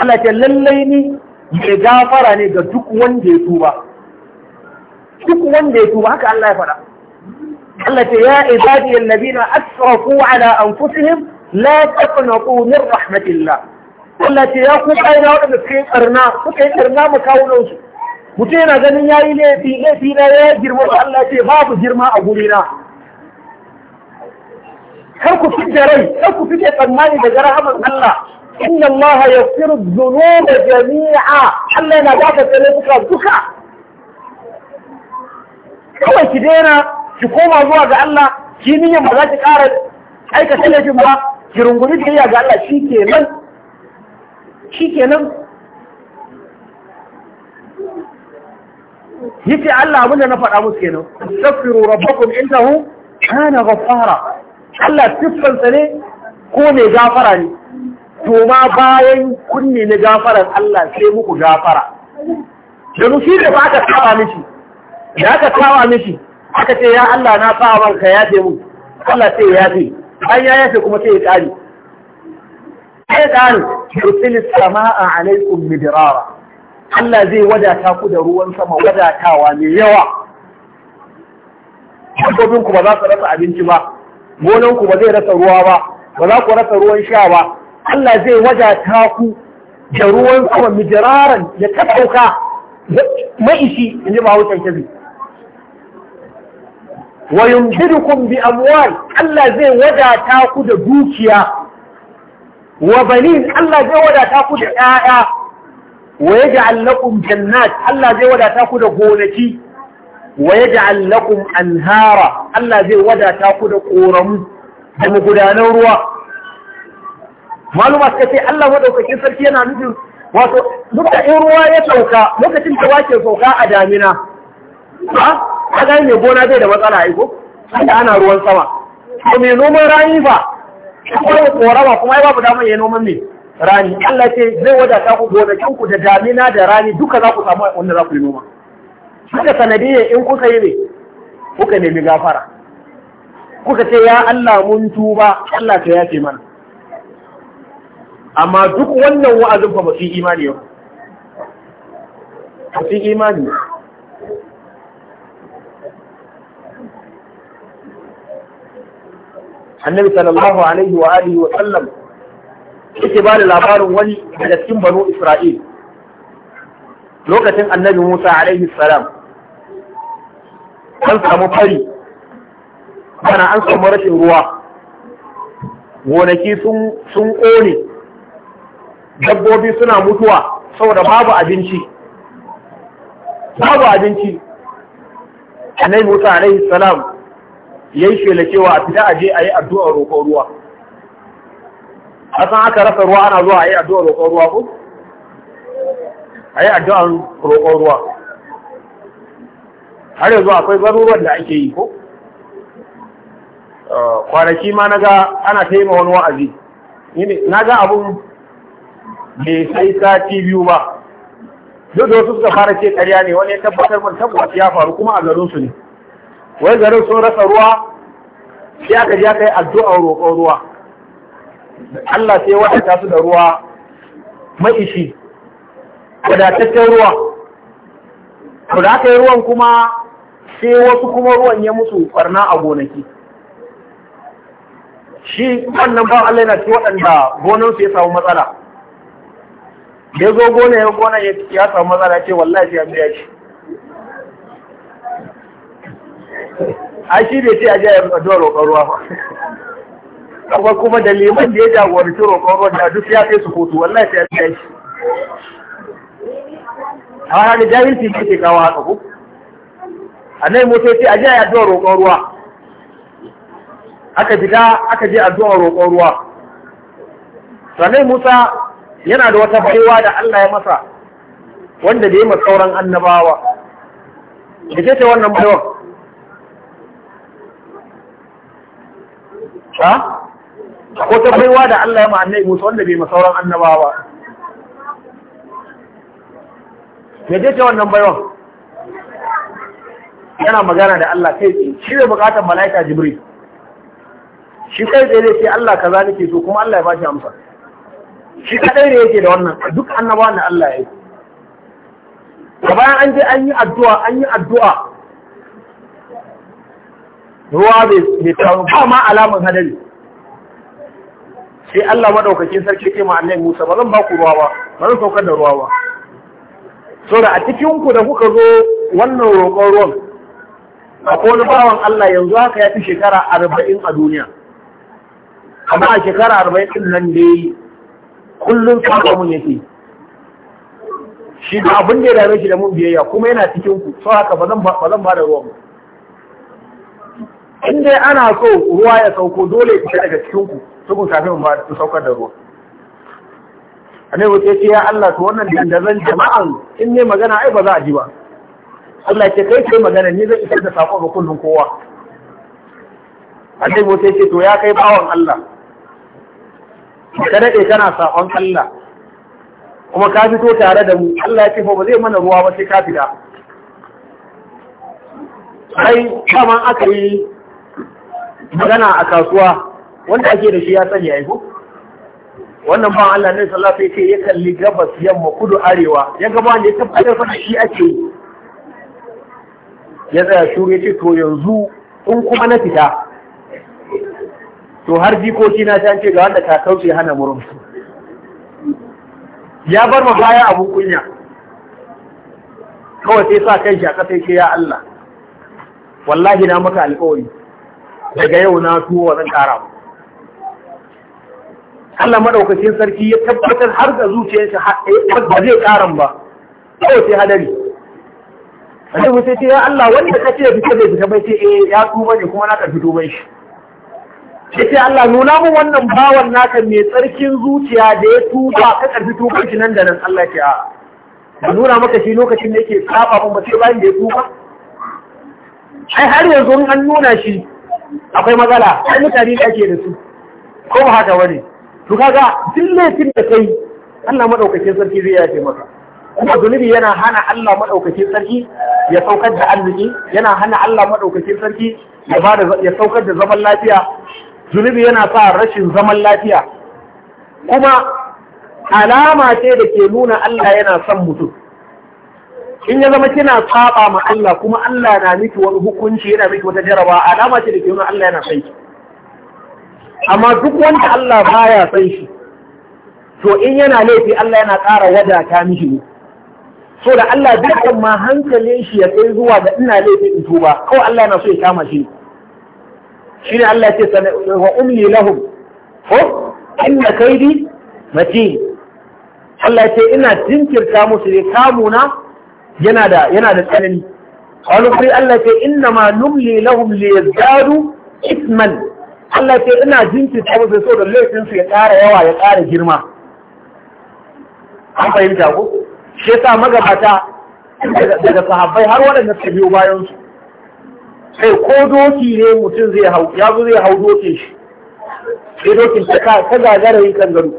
Allah ce lallai ni mai gafara ne ga duk wanda ya tuba duk wanda ya tuba haka Allah ya faɗa Allah ce ya ibadi alladhina asrafu ala anfusihim لا تقنطوا من رحمة الله التي يقول أين هو المسكين أرنا مسكين أرنا مكاون أوسو متين أغني يا إلي في إلي في إلي جرم الله في باب جرم أبولينا هلكو في جري هلكو في جري فنماني بجرى عمل الله إن الله يغفر الذنوب جميعا حلنا نجاك سليم بكرة بكرة kawai ki daina ki koma zuwa ga Allah ki niyan ba za ki kara aika ki rungumi biyayya ga Allah shi nan shi kenan yace Allah abinda na faɗa musu kenan astaghfiru rabbakum innahu kana ghaffara Allah siffansa ne ko ne gafara ne to ma bayan kunne na gafaran Allah sai muku gafara da shi da ba ka tsawa mishi da aka tsawa mishi aka ce ya Allah na tsawa manka ya ce mu Allah sai ya ce an ya yafe kuma sai ya ƙari sai ya ƙari yursilis sama'a alaikum midrara Allah zai wadata ku da ruwan sama wadatawa mai yawa dabbobin ku ba za su rasa abinci ba gonan ku ba zai rasa ruwa ba ba za ku rasa ruwan sha ba Allah zai wadata ku da ruwan sama midiraran ya ta dauka mai ishi in ji ba wucin wa yumdidukum bi amwal Allah zai wadata ku da dukiya wa banin Allah zai wadata ku da ƴaƴa. wa yaj'al lakum jannat Allah zai wadata ku da gonaki wa yaj'al lakum anhara Allah zai wadata ku da koramu da magudanan ruwa maluma suka ce Allah madaukakin sarki yana nufin wato duk da in ruwa ya sauka lokacin da wake sauka a damina a gani gona zai da matsala aiko da ana ruwan sama to mai noman rani fa akwai korama kuma ai babu damar ya noman mai rani Allah ce zai ta ku gonakin ku da damina da rani duka za ku samu wanda za ku yi noma haka sanadiyya in kuka yi ne kuka nemi gafara kuka ce ya Allah mun tuba Allah ya ce mana amma duk wannan wa'azin fa ba su imani ba su imani annabi sallallahu alaihi wa alihi wa sallam yake ba da labarin wani daga cikin banu Isra'il lokacin annabi Musa alaihi salam an samu fari ana an samu rashin ruwa gonaki sun ƙone dabbobi suna mutuwa saboda babu abinci babu abinci annabi Musa alaihi salam yi shela cewa a fita aje yi addu'a roƙon ruwa asan aka rasa ruwa ana zuwa a yi addu'a roƙon ruwa ko A yi addu'a roƙon ruwa har yanzu akwai garuruwan da ake yi ko eh, kwanaki ma na ga ana ta yi ma wani wa'azi na ga abun mai sai ci biyu ba duk da wasu suka fara ce karya ne wani ya tabbatar mun tabbas ya faru kuma a garinsu ne wai garin sun rasa ruwa sai aka je aka yi addu'a roƙon ruwa Allah sai wadata su da ruwa maishi wadataccen ruwa to da aka yi ruwan kuma sai wasu kuma ruwan ya musu farna a gonaki shi wannan ba Allah yana ci waɗanda gonansu ya samu matsala ya zo gona ya gona ya samu matsala ce wallahi sai biya shi a shi bai ce a ja ya addu'a roƙon ruwa ba kuma kuma da liman da ya jagoranci roƙon ruwa da duk ya kai su kotu wallahi sai ya kai shi a haka jahilci ne ke kawo haka A nan Musa ce a ja ya addu'a roƙon ruwa aka fita aka je addu'a roƙon ruwa sannan Musa yana da wata baiwa da Allah ya masa wanda da ya sauran annabawa da ce wannan baiwa ha ko ta baiwa da Allah ya ma annabi Musa wanda bai masauran annabawa ba me je ce wannan baiwan yana magana da Allah kai tsaye shi bai bukatar mala'ika Jibril shi kai tsaye zai ce Allah kaza nake so kuma Allah ya bashi amsa shi kadai ne yake da wannan duk annabawan da Allah ya yi bayan an je an yi addu'a an yi addu'a ruwa bai taru ma alamun hadari sai Allah maɗaukakin sarki ke ma annabi Musa ba zan ba ku ruwa ba ba zan saukar da ruwa ba so da a cikin da kuka zo wannan roƙon ruwan ko wani bawan Allah yanzu haka ya fi shekara arba'in a duniya amma a shekara arba'in din nan dai kullum kaka mun yake shi da abin da ya dame shi da mun biyayya kuma yana cikin ku sau haka ba zan ba da ruwan ba in dai ana so ruwa ya sauko dole ya daga cikin ku tukun kafin ba su saukar da ruwa ne ya ce ya Allah to wannan dandazon jama'an in ne magana ai ba za a ji ba Allah ya ce kai ce magana ni zai isar da sako ga kullun kowa annabi ya ce to ya kai bawan Allah ka dade kana sakon Allah kuma ka fito tare da mu Allah ya ce fa ba zai mana ruwa ba sai ka fita ai kaman aka yi magana a kasuwa wanda ake da shi ya sani ko? wannan ban Allah ne sallafa yake ya kalli gabas yamma kudu arewa ya gaba ne tabbatar fa shi ake ya tsaya shuru ya ce to yanzu in kuma na fita to har jikoki na ta ce ga wanda ta kauce hana murum ya bar ma baya abun kunya kawai sai sa kai shi a kasa ya Allah wallahi na maka alƙawari daga yau na tuwo wa zan ƙara mu Allah maɗaukacin sarki ya tabbatar har da zuciyar shi eh, ba zai ƙaran ba kawai sai hadari sai mu sai ya Allah wanda ka ce fita bai fita bai ce eh ya tuba ne kuma na ka fito shi sai sai Allah nuna mu wannan bawan naka mai tsarkin zuciya da ya tuba ka karfi tuban shi nan da nan Allah ke a ba nuna maka shi lokacin da yake tsafa mun ba sai bayan da ya tuba ai har yanzu an nuna shi akwai matsala a mutane da ake da su ko ba haka bane su kaga duk laifin da kai Allah maɗaukacin sarki zai yafe maka kuma zunubi yana hana Allah maɗaukacin sarki ya saukar da arziki yana hana Allah maɗaukacin sarki ya saukar da zaman lafiya zunubi yana sa rashin zaman lafiya kuma alama ce da ke nuna Allah yana son mutum in ya zama kina saba ma Allah kuma Allah na miki wani hukunci yana miki wata jaraba alama ce da ke nuna Allah yana son ki amma duk wanda Allah baya son shi to in yana laifi Allah yana ƙara ta miki ne so da Allah dukkan ma hankalin shi ya kai zuwa da ina laifi in tuba kawai Allah yana so ya kama shi shine Allah ya ce wa umli lahum ko inna kaidi matin Allah ya ce ina jinkirta musu ne kamuna yana da yana da tsanani wani kuri Allah ce inna ma numli lahum li yazdadu isman Allah ce ina ta musu so da laifin su ya ƙara yawa ya ƙara girma an fahimta ko shi yasa magabata daga sahabbai har waɗanda suka biyo bayan su sai ko doki ne mutum zai hau ya zo zai hau dokin shi sai dokin ta ka gagara yin kan gado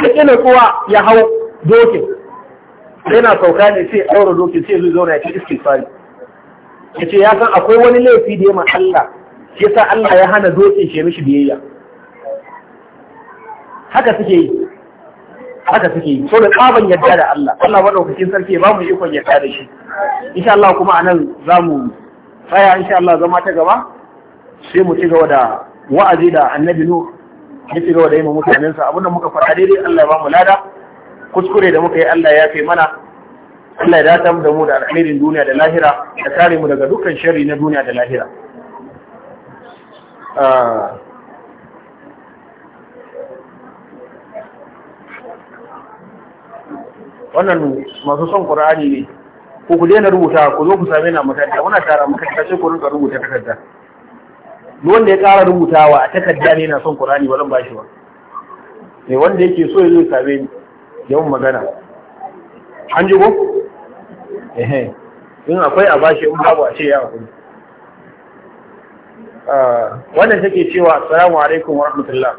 sai ina kowa ya hau dokin na sauka ne sai aure doki sai zai zauna ya ci fari. ya ce ya san akwai wani laifi da ya ma Allah shi yasa Allah ya hana dokin shi mishi biyayya haka suke yi haka suke yi so da tsaban yadda da Allah Allah madaukakin sarki ba mu ikon yadda da shi insha Allah kuma anan za mu tsaya insha Allah zama ta gaba sai mu ci gaba da wa'azi da annabi Nuh ya ci gaba da yi mutanen sa abinda muka faɗa daidai Allah ya ba mu lada kuskure da muka yi Allah ya fi mana Allah ya dace da mu da alkhairin duniya da lahira da kare mu daga dukkan sharri na duniya da lahira ah. wannan masu son ƙura'ani ne Ku ku daina rubuta ku zo ku same na makaranta muna tara makaranta sai ku rinka rubuta takarda duk wanda ya ƙara rubutawa a takarda ne na son ƙura'ani ba zan ba shi ba ne eh, wanda yake so ya zo ya same ni yawan magana an ji ehe in akwai a bashi in babu a ce ya hakuri ah, wannan take cewa salamu alaikum wa rahmatullah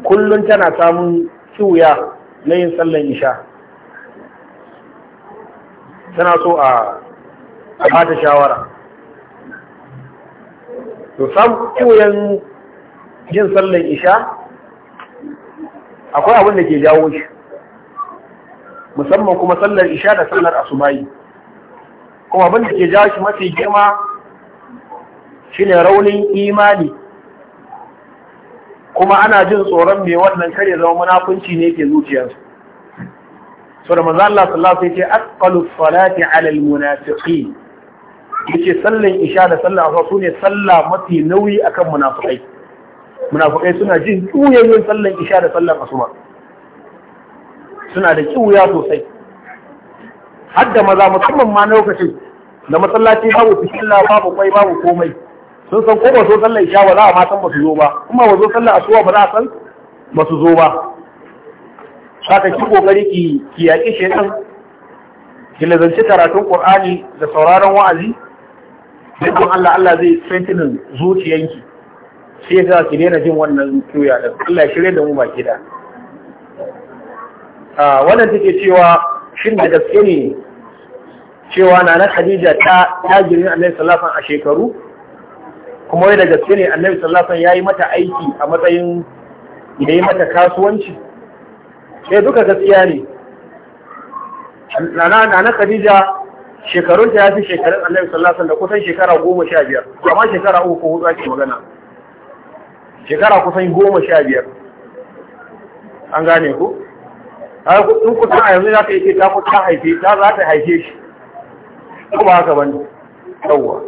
Kullum tana samun tsuya na yin sallan isha tana so a bata shawara to samun kiwuyan yin sallan isha akwai abin da ke jawo shi musamman kuma sallar isha da sallar asubahi kuma abin da ke jawo shi mafi girma shine raunin imani kuma ana jin tsoron mai wannan kare zama munafunci ne ke zuciyarsa so da manzo Allah sallallahu alaihi wasallam yace asqalu salati ala almunafiqin yace sallar isha da sallar asuba sune sallah mafi nauyi akan munafiqai munafukai suna jin yin sallan isha da sallan asuba suna da ƙiwuya sosai hadda maza musamman ma na lokacin da masallaci babu fitilla babu kwai babu komai sun san ko ba zo sallan isha ba za a matan san ba su zo ba kuma ba zo sallan asuba ba za a san ba su zo ba ka ki kokari ki ki yaƙi shaitan ki lazanci karatun Qur'ani da sauraron wa'azi dukkan Allah Allah zai strengthening zuciyanki shi ya sa ki daina jin wannan tuya da Allah shirye da mu ba da. a ah, wannan take cewa shin da gaske ne cewa Nana Khadija ta ta girin Annabi sallallahu alaihi a shekaru kuma wai da gaske ne Annabi sallallahu alaihi yayi mata aiki a matsayin da yi mata kasuwanci sai eh, duka gaskiya ne Nana nana Khadija shekarunta ya fi shekarun Annabi sallallahu alaihi da kusan shekara goma sha biyar amma shekara uku ko hudu ake magana shekara kusan goma sha biyar an gane ku in kusan a yanzu za ka yake ta kusa haife ta za ta haife shi ko ba haka bane yawwa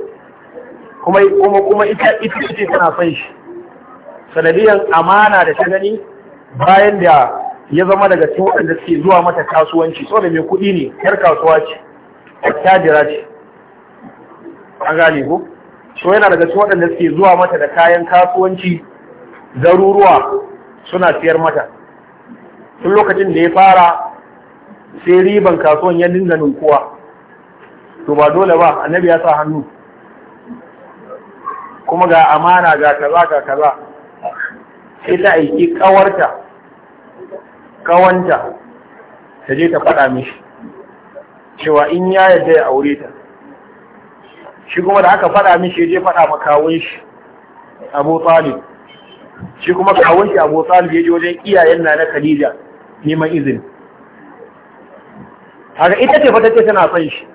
kuma kuma kuma ita ita ce tana son shi sanadiyan amana da ta gani bayan da ya zama daga cikin waɗanda suke zuwa mata kasuwanci saboda mai kuɗi ne yar kasuwa ce tajira ce an gane ku so yana daga cikin waɗanda suke zuwa mata da kayan kasuwanci garuruwa suna siyar mata tun lokacin da ya fara sai riban kasuwan ya dinga ninkuwa to ba dole ba annabi ya sa hannu kuma ga amana ga kaza ga kaza sai ta aiki kawarta kawanta ta je ta faɗa mishi cewa in ya yadda ya aure ta shi kuma da aka faɗa mishi ya je faɗa makawun shi abu talib shi kuma kawon shi Abu tsali ya ji wajen iyayen na na Khadija neman izini haka ita ce fata ce tana son shi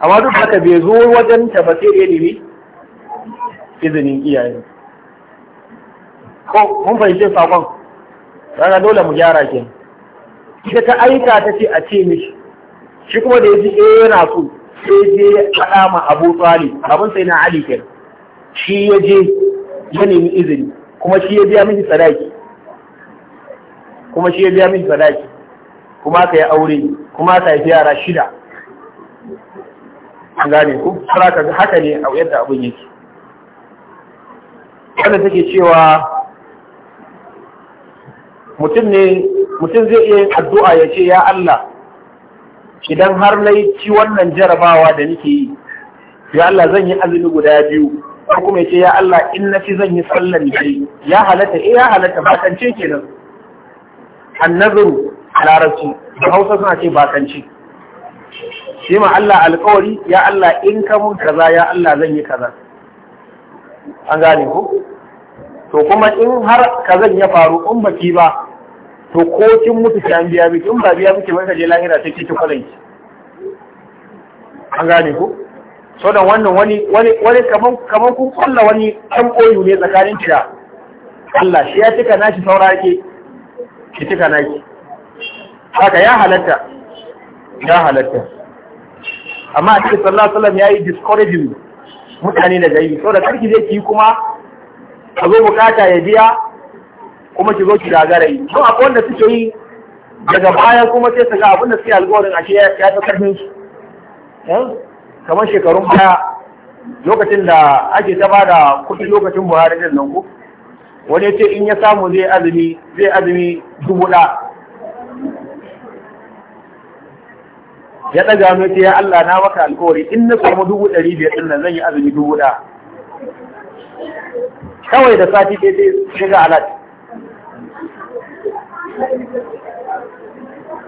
amma duk haka bai zo wajen ta ba sai nemi izinin iyayen ko mun fahimci sakon Rana dole mu gyara ke ita ta aika ta ce a ce mishi shi kuma da ya ji eh yana so sai je ya faɗa ma Abu tsali abin sai na Ali kenan shi ya je ya nemi izini kuma shi ya biya miki sadaki kuma shi ya biya miki tsadaki kuma ka yi aure kuma ka yi yara shida an gane ku saraka haka ne a yadda abin yake wanda take cewa mutum ne mutum zai iya yin addu'a ya ce ya Allah idan har na yi ci wannan jarabawa da nake yi ya Allah zan yi azumi guda biyu ko kuma ce ya Allah in na fi zan yi sallar dare ya halatta eh ya halatta ba kance nan annazuru a larabci da Hausa suna ce ba kance shi ma Allah alƙawari ya Allah in ka mun kaza ya Allah zan yi kaza an gane ku to kuma in har kazan ya faru in baki ba to ko kin mutu ki an biya miki in ba biya miki ba ka je lahira sai ki kwalanki an gane ku saboda da wannan wani wani wani kaman kaman kun kulla wani dan koyu ne tsakanin ki da Allah shi ya tuka nashi saura ke ki tuka naki haka ya halatta ya halatta amma a cikin sallallahu alaihi wasallam yayi discouraging mutane da gayi saboda da karki zai ki kuma a zo bukata ya biya kuma ki zo ki gagara yi don akwai wanda suke yi daga baya kuma sai su ga abin da suke alƙawarin ashe ya ta karfin su eh? kamar shekarun baya lokacin da ake ta bada kuɗi lokacin buhari din nan ku wani ya ce in ya samu zai azumi zai azumi dubu ɗa ya ɗaga mai ce ya Allah na maka alkawari in na samu dubu ɗari biyar ɗin nan zan yi azumi dubu ɗa kawai da sati ɗaya sai shiga alat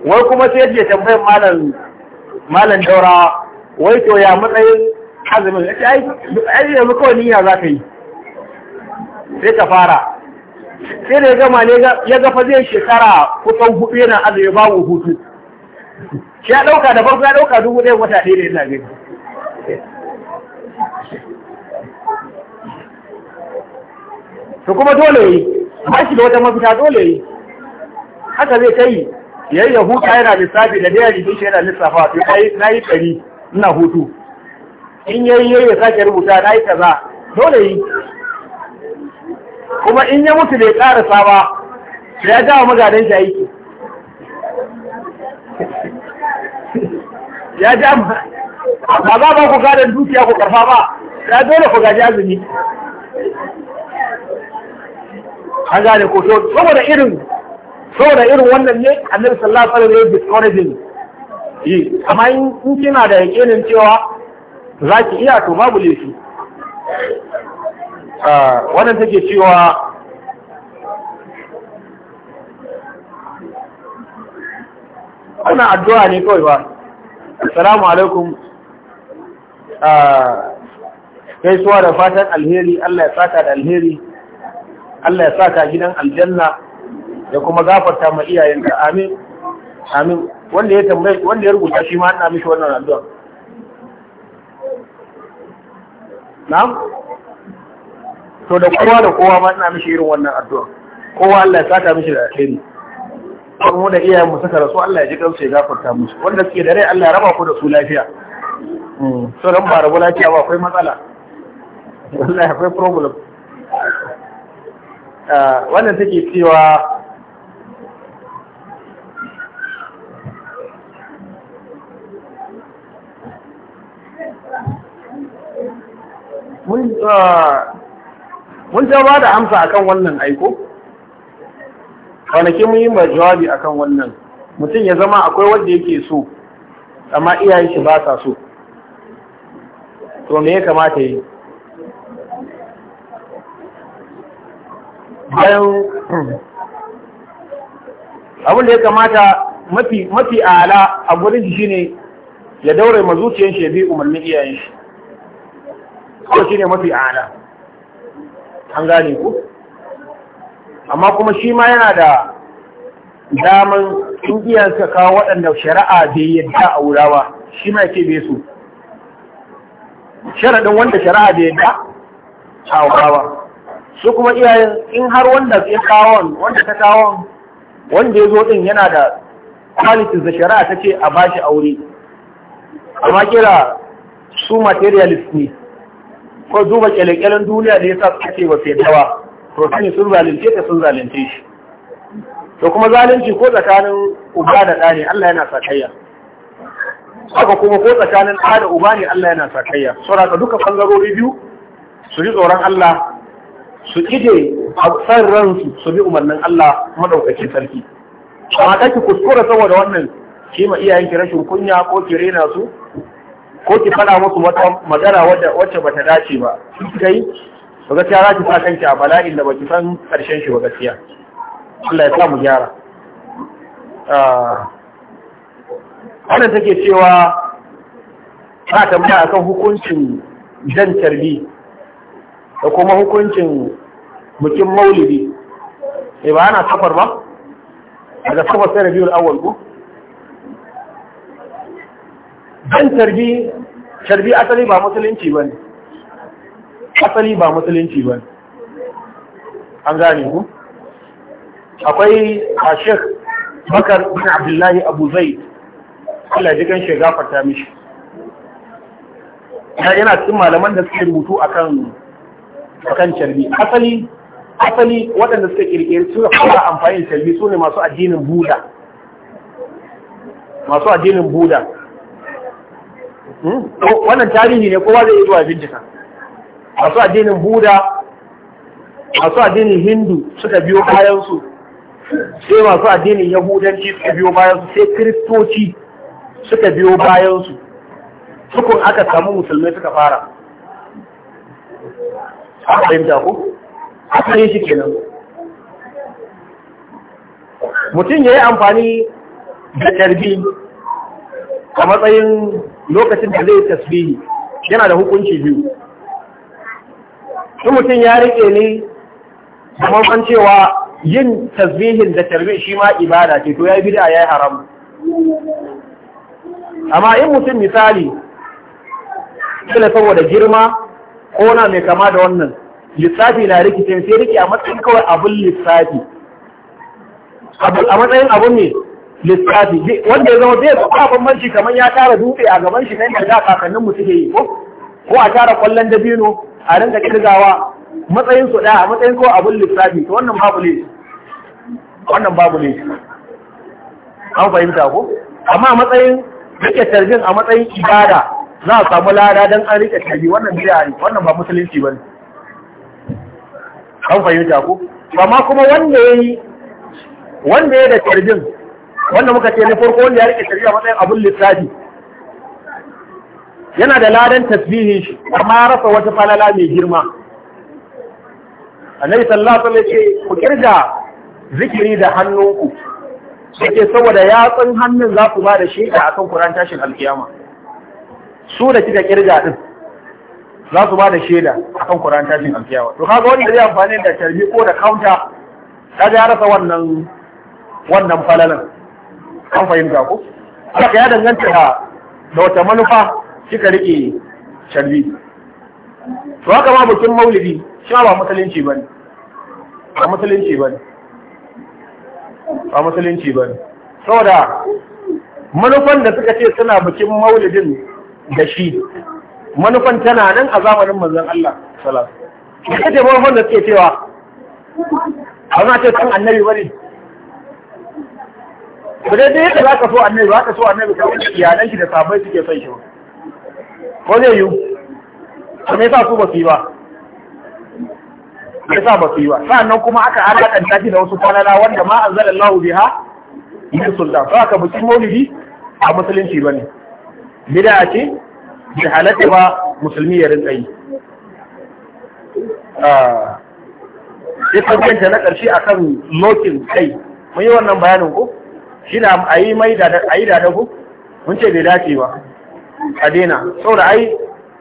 wai kuma sai yadda tambayar malam malam daurawa wai to ya matsayin azumin ya ce ai yanzu kawai niyya za ka yi sai ka fara sai da ya gama ne ya gafa zai shekara kusan hudu yana azumi babu hutu shi ya ɗauka da farko ya ɗauka dubu ɗaya wata ɗaya da yana gani to kuma dole yi ba shi da wata mafita dole yi haka zai kai yayi ya huta yana lissafi da daya jikin shi yana lissafa to na yi ɗari ina hutu in yayi yayi ya sake rubuta na yi kaza dole yi kuma in ya mutu bai karasa ba ya dawo magadan shi aiki ya ja ba ba ba ku gadon dukiya ku karfa ba ya dole ku gaji azumi an gane ko saboda irin saboda irin wannan ne annabi sallallahu alaihi wasallam ya discourage yi eh, amma in kina da yakinin cewa za ki iya to babu laifi ah, wannan take cewa wannan addu'a ne kawai ba assalamu alaikum ah, gaisuwa da fatan alheri Allah ya saka da alheri Allah ya saka gidan aljanna da kuma gafarta ma iyayenka amin amin wanda ya tambaye wanda ya rubuta shi ma ana mishi wannan addu'a na'am to da kowa da kowa ma ana mishi irin wannan addu'a kowa Allah ya saka mishi da alheri kan mu da iyayen mu suka rasu Allah ya ji kansu ya gafarta musu wanda suke da rai Allah ya raba ku da su lafiya hmm. so ran ba rabu lafiya ba akwai matsala wallahi akwai problem ah, wannan take cewa mun ta ah, ba da amsa akan wannan aiko kwanaki mun yi ma jawabi akan wannan mutum ya zama akwai wanda yake so amma iyayen shi ba sa so to me ya kamata yi bayan abin da ya kamata mafi ala a gurin shi ne ya daure ma zuciyar shi ya bi umarnin iyayen shi ko shi ne mafi ala an gane ku amma kuma shi ma yana da daman in kawo waɗanda shari'a bai yadda a wurawa shi ma yake bai su sharaɗin wanda shari'a bai yadda a wurawa su kuma iyayen in har wanda ya kawon wanda ta kawon wanda ya zo ɗin yana da kwalitin da shari'a ta ce a bashi aure amma kira su materialist ne ko duba kyalekyalen duniya da ya sa suka ce ba sai dawa to sani sun zalunce ta sun zalunce shi to kuma zalunci ko tsakanin uba da ɗa ne Allah yana sakayya haka kuma ko tsakanin ɗa da uba ne Allah yana sakayya saboda duka bangarori biyu su ji tsoron Allah su ide a san ransu su bi umarnin Allah madaukakin sarki amma ki kuskura saboda wannan ma iyayen ki rashin kunya ko ki rena su ko ki faɗa musu wata magana wacce bata dace ba ki kai ba gaskiya za ki sa kanki a bala'i da baki san karshen shi ba gaskiya Allah ya sa mu gyara ah, wannan take cewa ta tambaya akan hukuncin jan tarbi da kuma hukuncin bikin maulidi eh ba ana safar ba daga safar sai rabiul awwal ko an tarbi tarbi asali ba musulunci ba ne asali ba musulunci ba ne an gane ku akwai a shek bakar bin abdullahi abu zai Allah jikan shi gafarta mishi yana cikin malaman da suke rubutu akan akan carbi asali asali waɗanda suka kirkiri suna fara amfani da carbi su ne masu addinin buda masu addinin buda Hmm? Oh, wannan tarihi ne kowa zai yi zuwa bincika masu addinin buda masu addinin hindu suka biyo bayansu sai masu addinin yahudanci suka biyo bayansu sai kiristoci suka biyo bayansu sukun aka samu musulmai suka fara a fahimta jaku a yi shi kenan mutum ya yi amfani da tarbi a matsayin lokacin da zai tasbihi yana da hukunci biyu in mutum ya rike ne kamar an cewa yin tasbihin da tarbi shi ma ibada ce to ya yi bid'a ya yi haram amma in mutum misali kila saboda girma ko na mai kama da wannan lissafi na rikicin sai rike a matsayin kawai abin lissafi a matsayin abin ne lissafi wanda ya zama zai ba bambanci kamar ya tara dutse a gaban shi nan da kakannin mutu ke yi ko ko a tara kwallon dabino a rinka kirgawa matsayin su daya matsayin ko abun lissafi to wannan babu ne wannan babu ne an fahimta ko amma matsayin rike tarjin a matsayin ibada za a samu lada don an rike tarbi wannan bid'a ne wannan ba musulunci ba ne, an fahimta ko amma kuma wanda yi wanda ya da tarjin wanda muka ce na farko wanda ya rike shari'a matsayin abun lissafi yana da ladan tasbihin shi amma rasa wata falala mai girma annabi sallallahu alaihi wasallam ce ku kirga zikiri da hannunku suke saboda yatsun hannun za ku ba da shaida kan Qur'an tashin alkiyama su da kika kirga din za su ba da shaida kan Qur'an tashin alkiyama to kaga wanda zai amfani da tarbi ko da counter kaga ya rasa wannan wannan falalan an fahimta ko haka ya danganta da wata manufa kika rike sharbi to haka ma bikin maulidi shi ba musulunci bane ba musulunci bane ba musulunci bane saboda manufan da suka ce suna bikin maulidin da shi manufan tana nan a zamanin manzon Allah sallallahu alaihi wasallam ce manufan da suke cewa ba na ce san annabi bane ba dai dai yadda za ka so annabi za ka so annabi ka wani iyalan shi da sabai suke son shi ba ko zai yiwu to me yasa su ba su yi ba me yasa ba su yi ba sa'annan kuma aka alakanta shi da wasu kwanana wanda ma anzalallahu biha min sultan to ka buci maulidi a musulunci bane bid'a ce bi halatta ba musulmi ya rinka yi ah, ya kanta na ƙarshe akan lokin kai mun yi wannan bayanin ko shi a yi mai da a yi da ku mun ce bai dace ba a daina da ai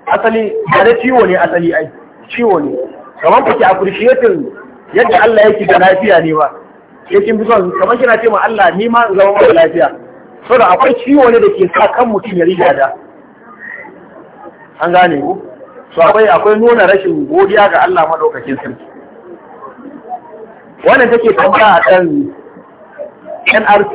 asali da ciwo ne asali ai ciwo ne kamar a appreciating yadda Allah yake da lafiya ne ba yakin fi son kamar kina ce ma Allah ni ma zama mara lafiya Sau da akwai ciwo ne da ke sa kan mutum ya riga da an gane ku so akwai akwai nuna rashin godiya ga Allah madaukakin sarki wannan take tambaya a kan nrc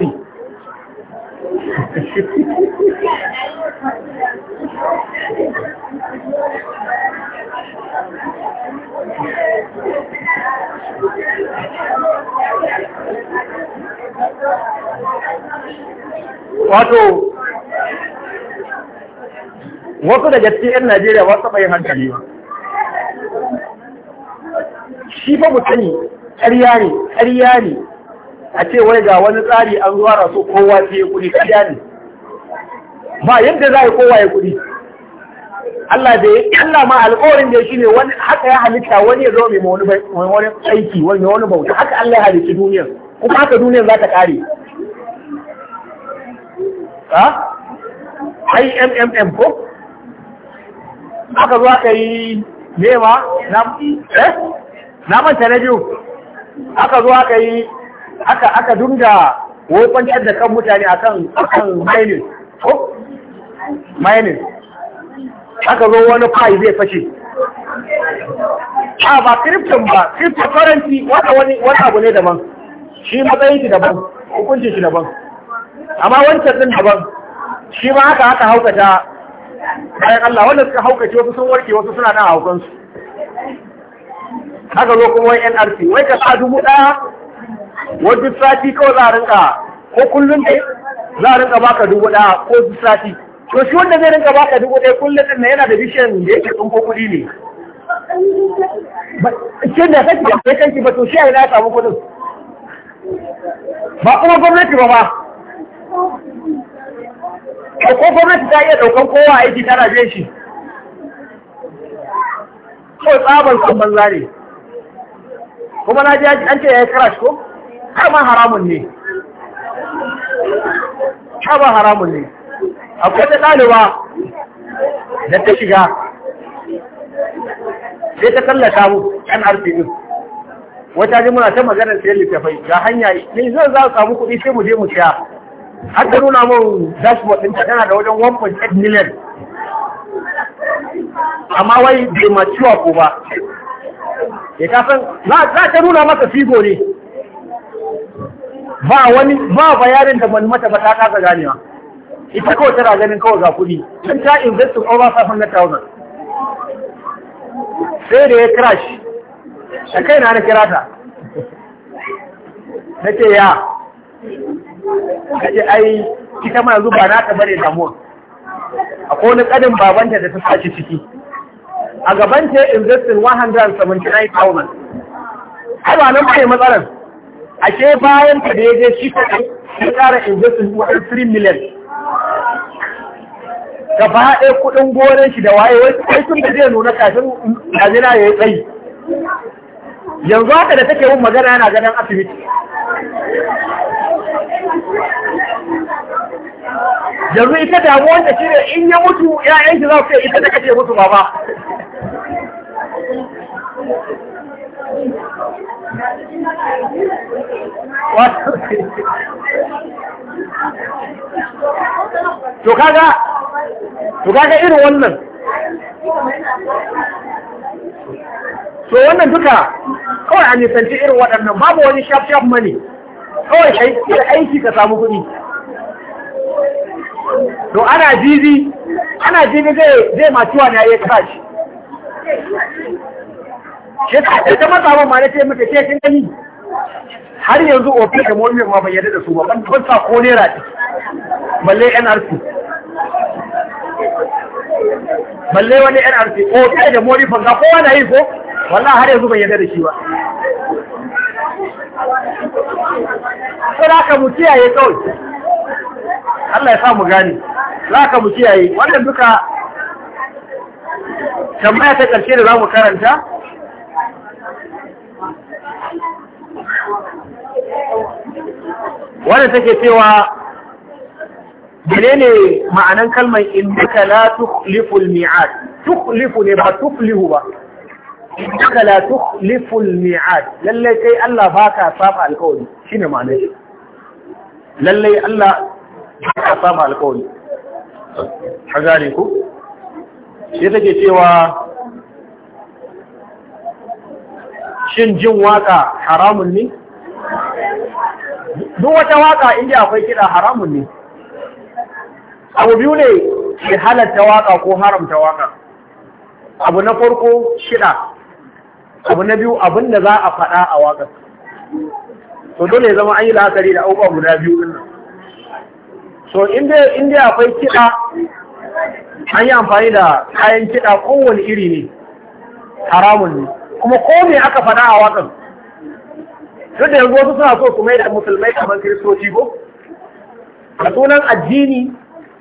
wato wasu daga cikin 'yan najeriya saba yin hankali ba shi ba mu ƙarya ne ƙarya ne a ce wai ga wani tsari an zuwa rasu kowa ce ya kuɗi kariya ne ba yadda za a yi kowa ya kuɗi Allah da ya Allah ma alƙawarin da shi ne wani haka ya halitta wani ya zama mai wani aiki wani wani bauta haka Allah ya halitta duniyar kuma haka duniyar za ta ƙare ha mmm ko aka zo aka yi nema na eh na manta na biyu aka zo aka yi aka aka dunga wofancar da kan mutane akan akan mining ko mining aka zo wani fayi zai fashe a ba kripton ba cryptocurrency wata wani wata abu ne daban shi matsayin shi daban hukuncin shi daban amma wancan din daban shi ma haka haka haukata bayan Allah wanda suka haukace wasu sun warke wasu suna nan a haukansu haka zo kuma wani NRC wai ka sa dubu ɗaya wajen sati kawai za a rinka ko kullum dai za a rinka baka dubu ɗaya ko duk sati to shi wanda zai rinka baka dubu ɗaya kullum ɗin na yana da bishiyan da yake ko kuɗi ne shin da kake ba kanki ba to shi a na ya samu kuɗin ba kuma gwamnati ba ba ko gwamnati ta iya ɗaukan kowa aiki tana biyan shi ko tsabar kan banza ne kuma na ji an ce ya yi karash ko kama haramun ne kama haramun ne akwai da ɗaliba da ta shiga sai ta tallata mu yan arzikin wata ji muna ta maganar sayan littafai ga hanya ne zan za a samu kuɗi sai mu je mu siya har ta nuna mun dashboard ta tana da wajen 1.8 million amma wai bai ciwa ko ba ya eh, kasan za ta nuna masa figo ne ba wani ba bayanin da mata ba ta kasa ganewa ita kawai tana ganin kawai ga kuɗi sun ta invest over 500,000 sai da ya crash da kai na na kira ta na ce ya kaji ai ita mana zuba ba na ta bane damuwa akwai wani ƙadin babanta da ta sace ciki a gabanta ya investin 179,000 ai ba nan ba ne matsalar ashe bayan ka da ya je shi kaɗai ya ƙara investin wa'in 3 million ba ɗaya kuɗin gonar shi da waye wai tun da zai nuna kafin gajina ya yi tsayi yanzu haka da take yin magana yana ganin asibiti yanzu ita damuwar da shi ne in ya mutu ya'yan shi za su ita da kace mutu baba to kaga to kaga irin wannan to wannan duka kawai an nisanci irin waɗannan babu wani shaf shaf mani kawai aiki ka samu kuɗi to ana jibi ana jibi zai zai matuwa na ya kashi shi ta ta matsa ma na ce mata ce sun gani har yanzu ofis da momi ma bai da su ba ban sa ko nera ce balle nrc balle wani nrc ofe da momi fanga ko wani yi ko wallahi har yanzu bai da shi ba sai ka mu kiyaye kawai Allah ya sa mu gane za ka mu kiyaye wannan duka tambaya ta karshe da za mu karanta wanda take cewa menene ma'anan kalmar innaka la tukhlifu al-mi'ad tukhlifu ne ba tuflihu ba innaka la tukhlifu al-mi'ad lallai kai Allah baka safa alƙawari shine ma'anar shi lalle Allah baka saba alƙawari hagare ku sai take cewa shin jin waka haramun ne duk wata waka inda akwai kiɗa haramun ne abu biyu ne ke halatta waka ko haramta waka abu na farko kiɗa abu na biyu abin da za a faɗa a waka to dole zama an yi la'akari da abubuwa guda biyu din nan so inda akwai kiɗa an yi amfani da kayan kiɗa kowane iri ne haramun ne kuma ko me aka faɗa a wakan duk da yanzu wasu suna so su mai da musulmai kamar kiristoci ko a sunan addini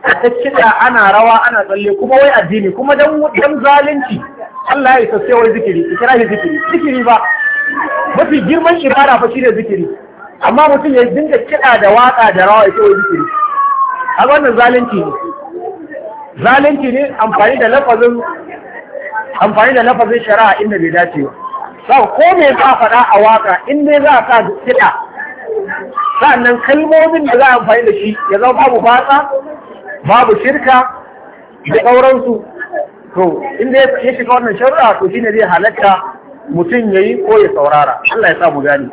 a ta kiɗa ana rawa ana tsalle kuma wai addini kuma dan zalunci Allah ya isa sai wai zikiri kira shi zikiri zikiri ba mafi girman ibada fa shine zikiri amma mutum ya dinga kiɗa da waka da rawa ya ce wai zikiri a wannan zalunci ne zalunci ne amfani da lafazin amfani da lafazin shari'a inda bai dace ba za ko me za faɗa a waka in dai za a sa kiɗa nan kalmomin da za a amfani da shi ya zama babu fasa, babu shirka da sauransu to in dai ya shiga wannan shari'a to shine zai halatta mutum yayi ko ya saurara Allah ya sa mu gani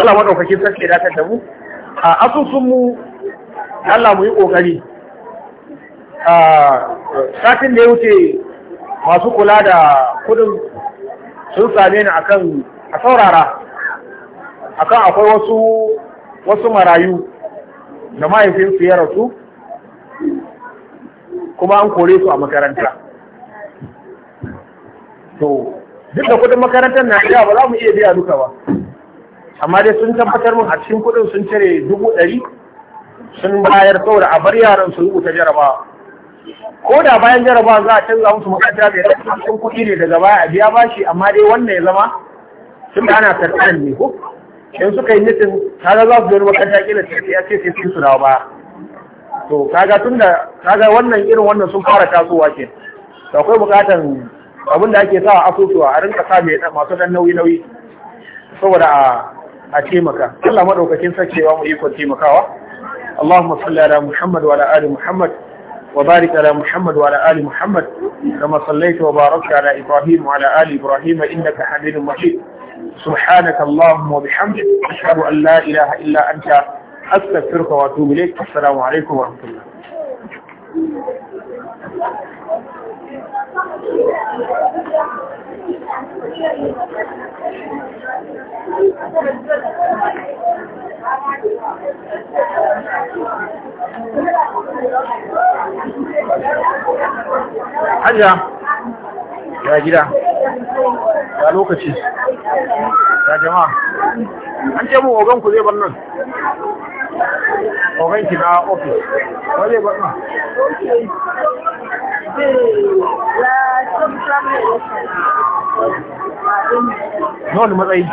Allah madaukakin sarki da ta mu a asusun mu Allah mu yi kokari a satin da ya wuce masu kula da kudin sun same ni akan a saurara akan akwai wasu marayu da mahaifinsu ya rasu kuma an kore su a makaranta to duk da kudin makarantar na iya ba za mu iya biya duka ba amma dai sun tabbatar mun a cikin kudin sun cire dubu ɗari sun bayar saboda a bar yaran su rubuta jarabawa ko da bayan jarabawa za a canza musu makata da ya sun kuɗi ne daga baya a biya bashi amma dai wannan ya zama sun da ana tarɗan ne ko in suka yi mitin kaga za su zo makata kila sai ya ce sai su dawo baya to kaga da kaga wannan irin wannan sun fara tasowa ke to akwai bukatan abin da ake sa a asusuwa a rinka sa mai masu dan nauyi nauyi saboda a a taimaka Allah madaukakin sakewa mu iko taimakawa اللهم صل على محمد وعلى آل محمد وبارك على محمد وعلى آل محمد كما صليت وباركت على إبراهيم وعلى آل إبراهيم إنك حميد مجيد سبحانك اللهم وبحمدك أشهد أن لا إله إلا أنت أستغفرك وأتوب إليك السلام عليكم ورحمة الله Thank you. Hajiya, ya gida, ya lokaci, ya jama'a, an ce mu Ogon ku zai bar nan, Ogon ki na ofis, ba zai bar nan. Nol matsayi.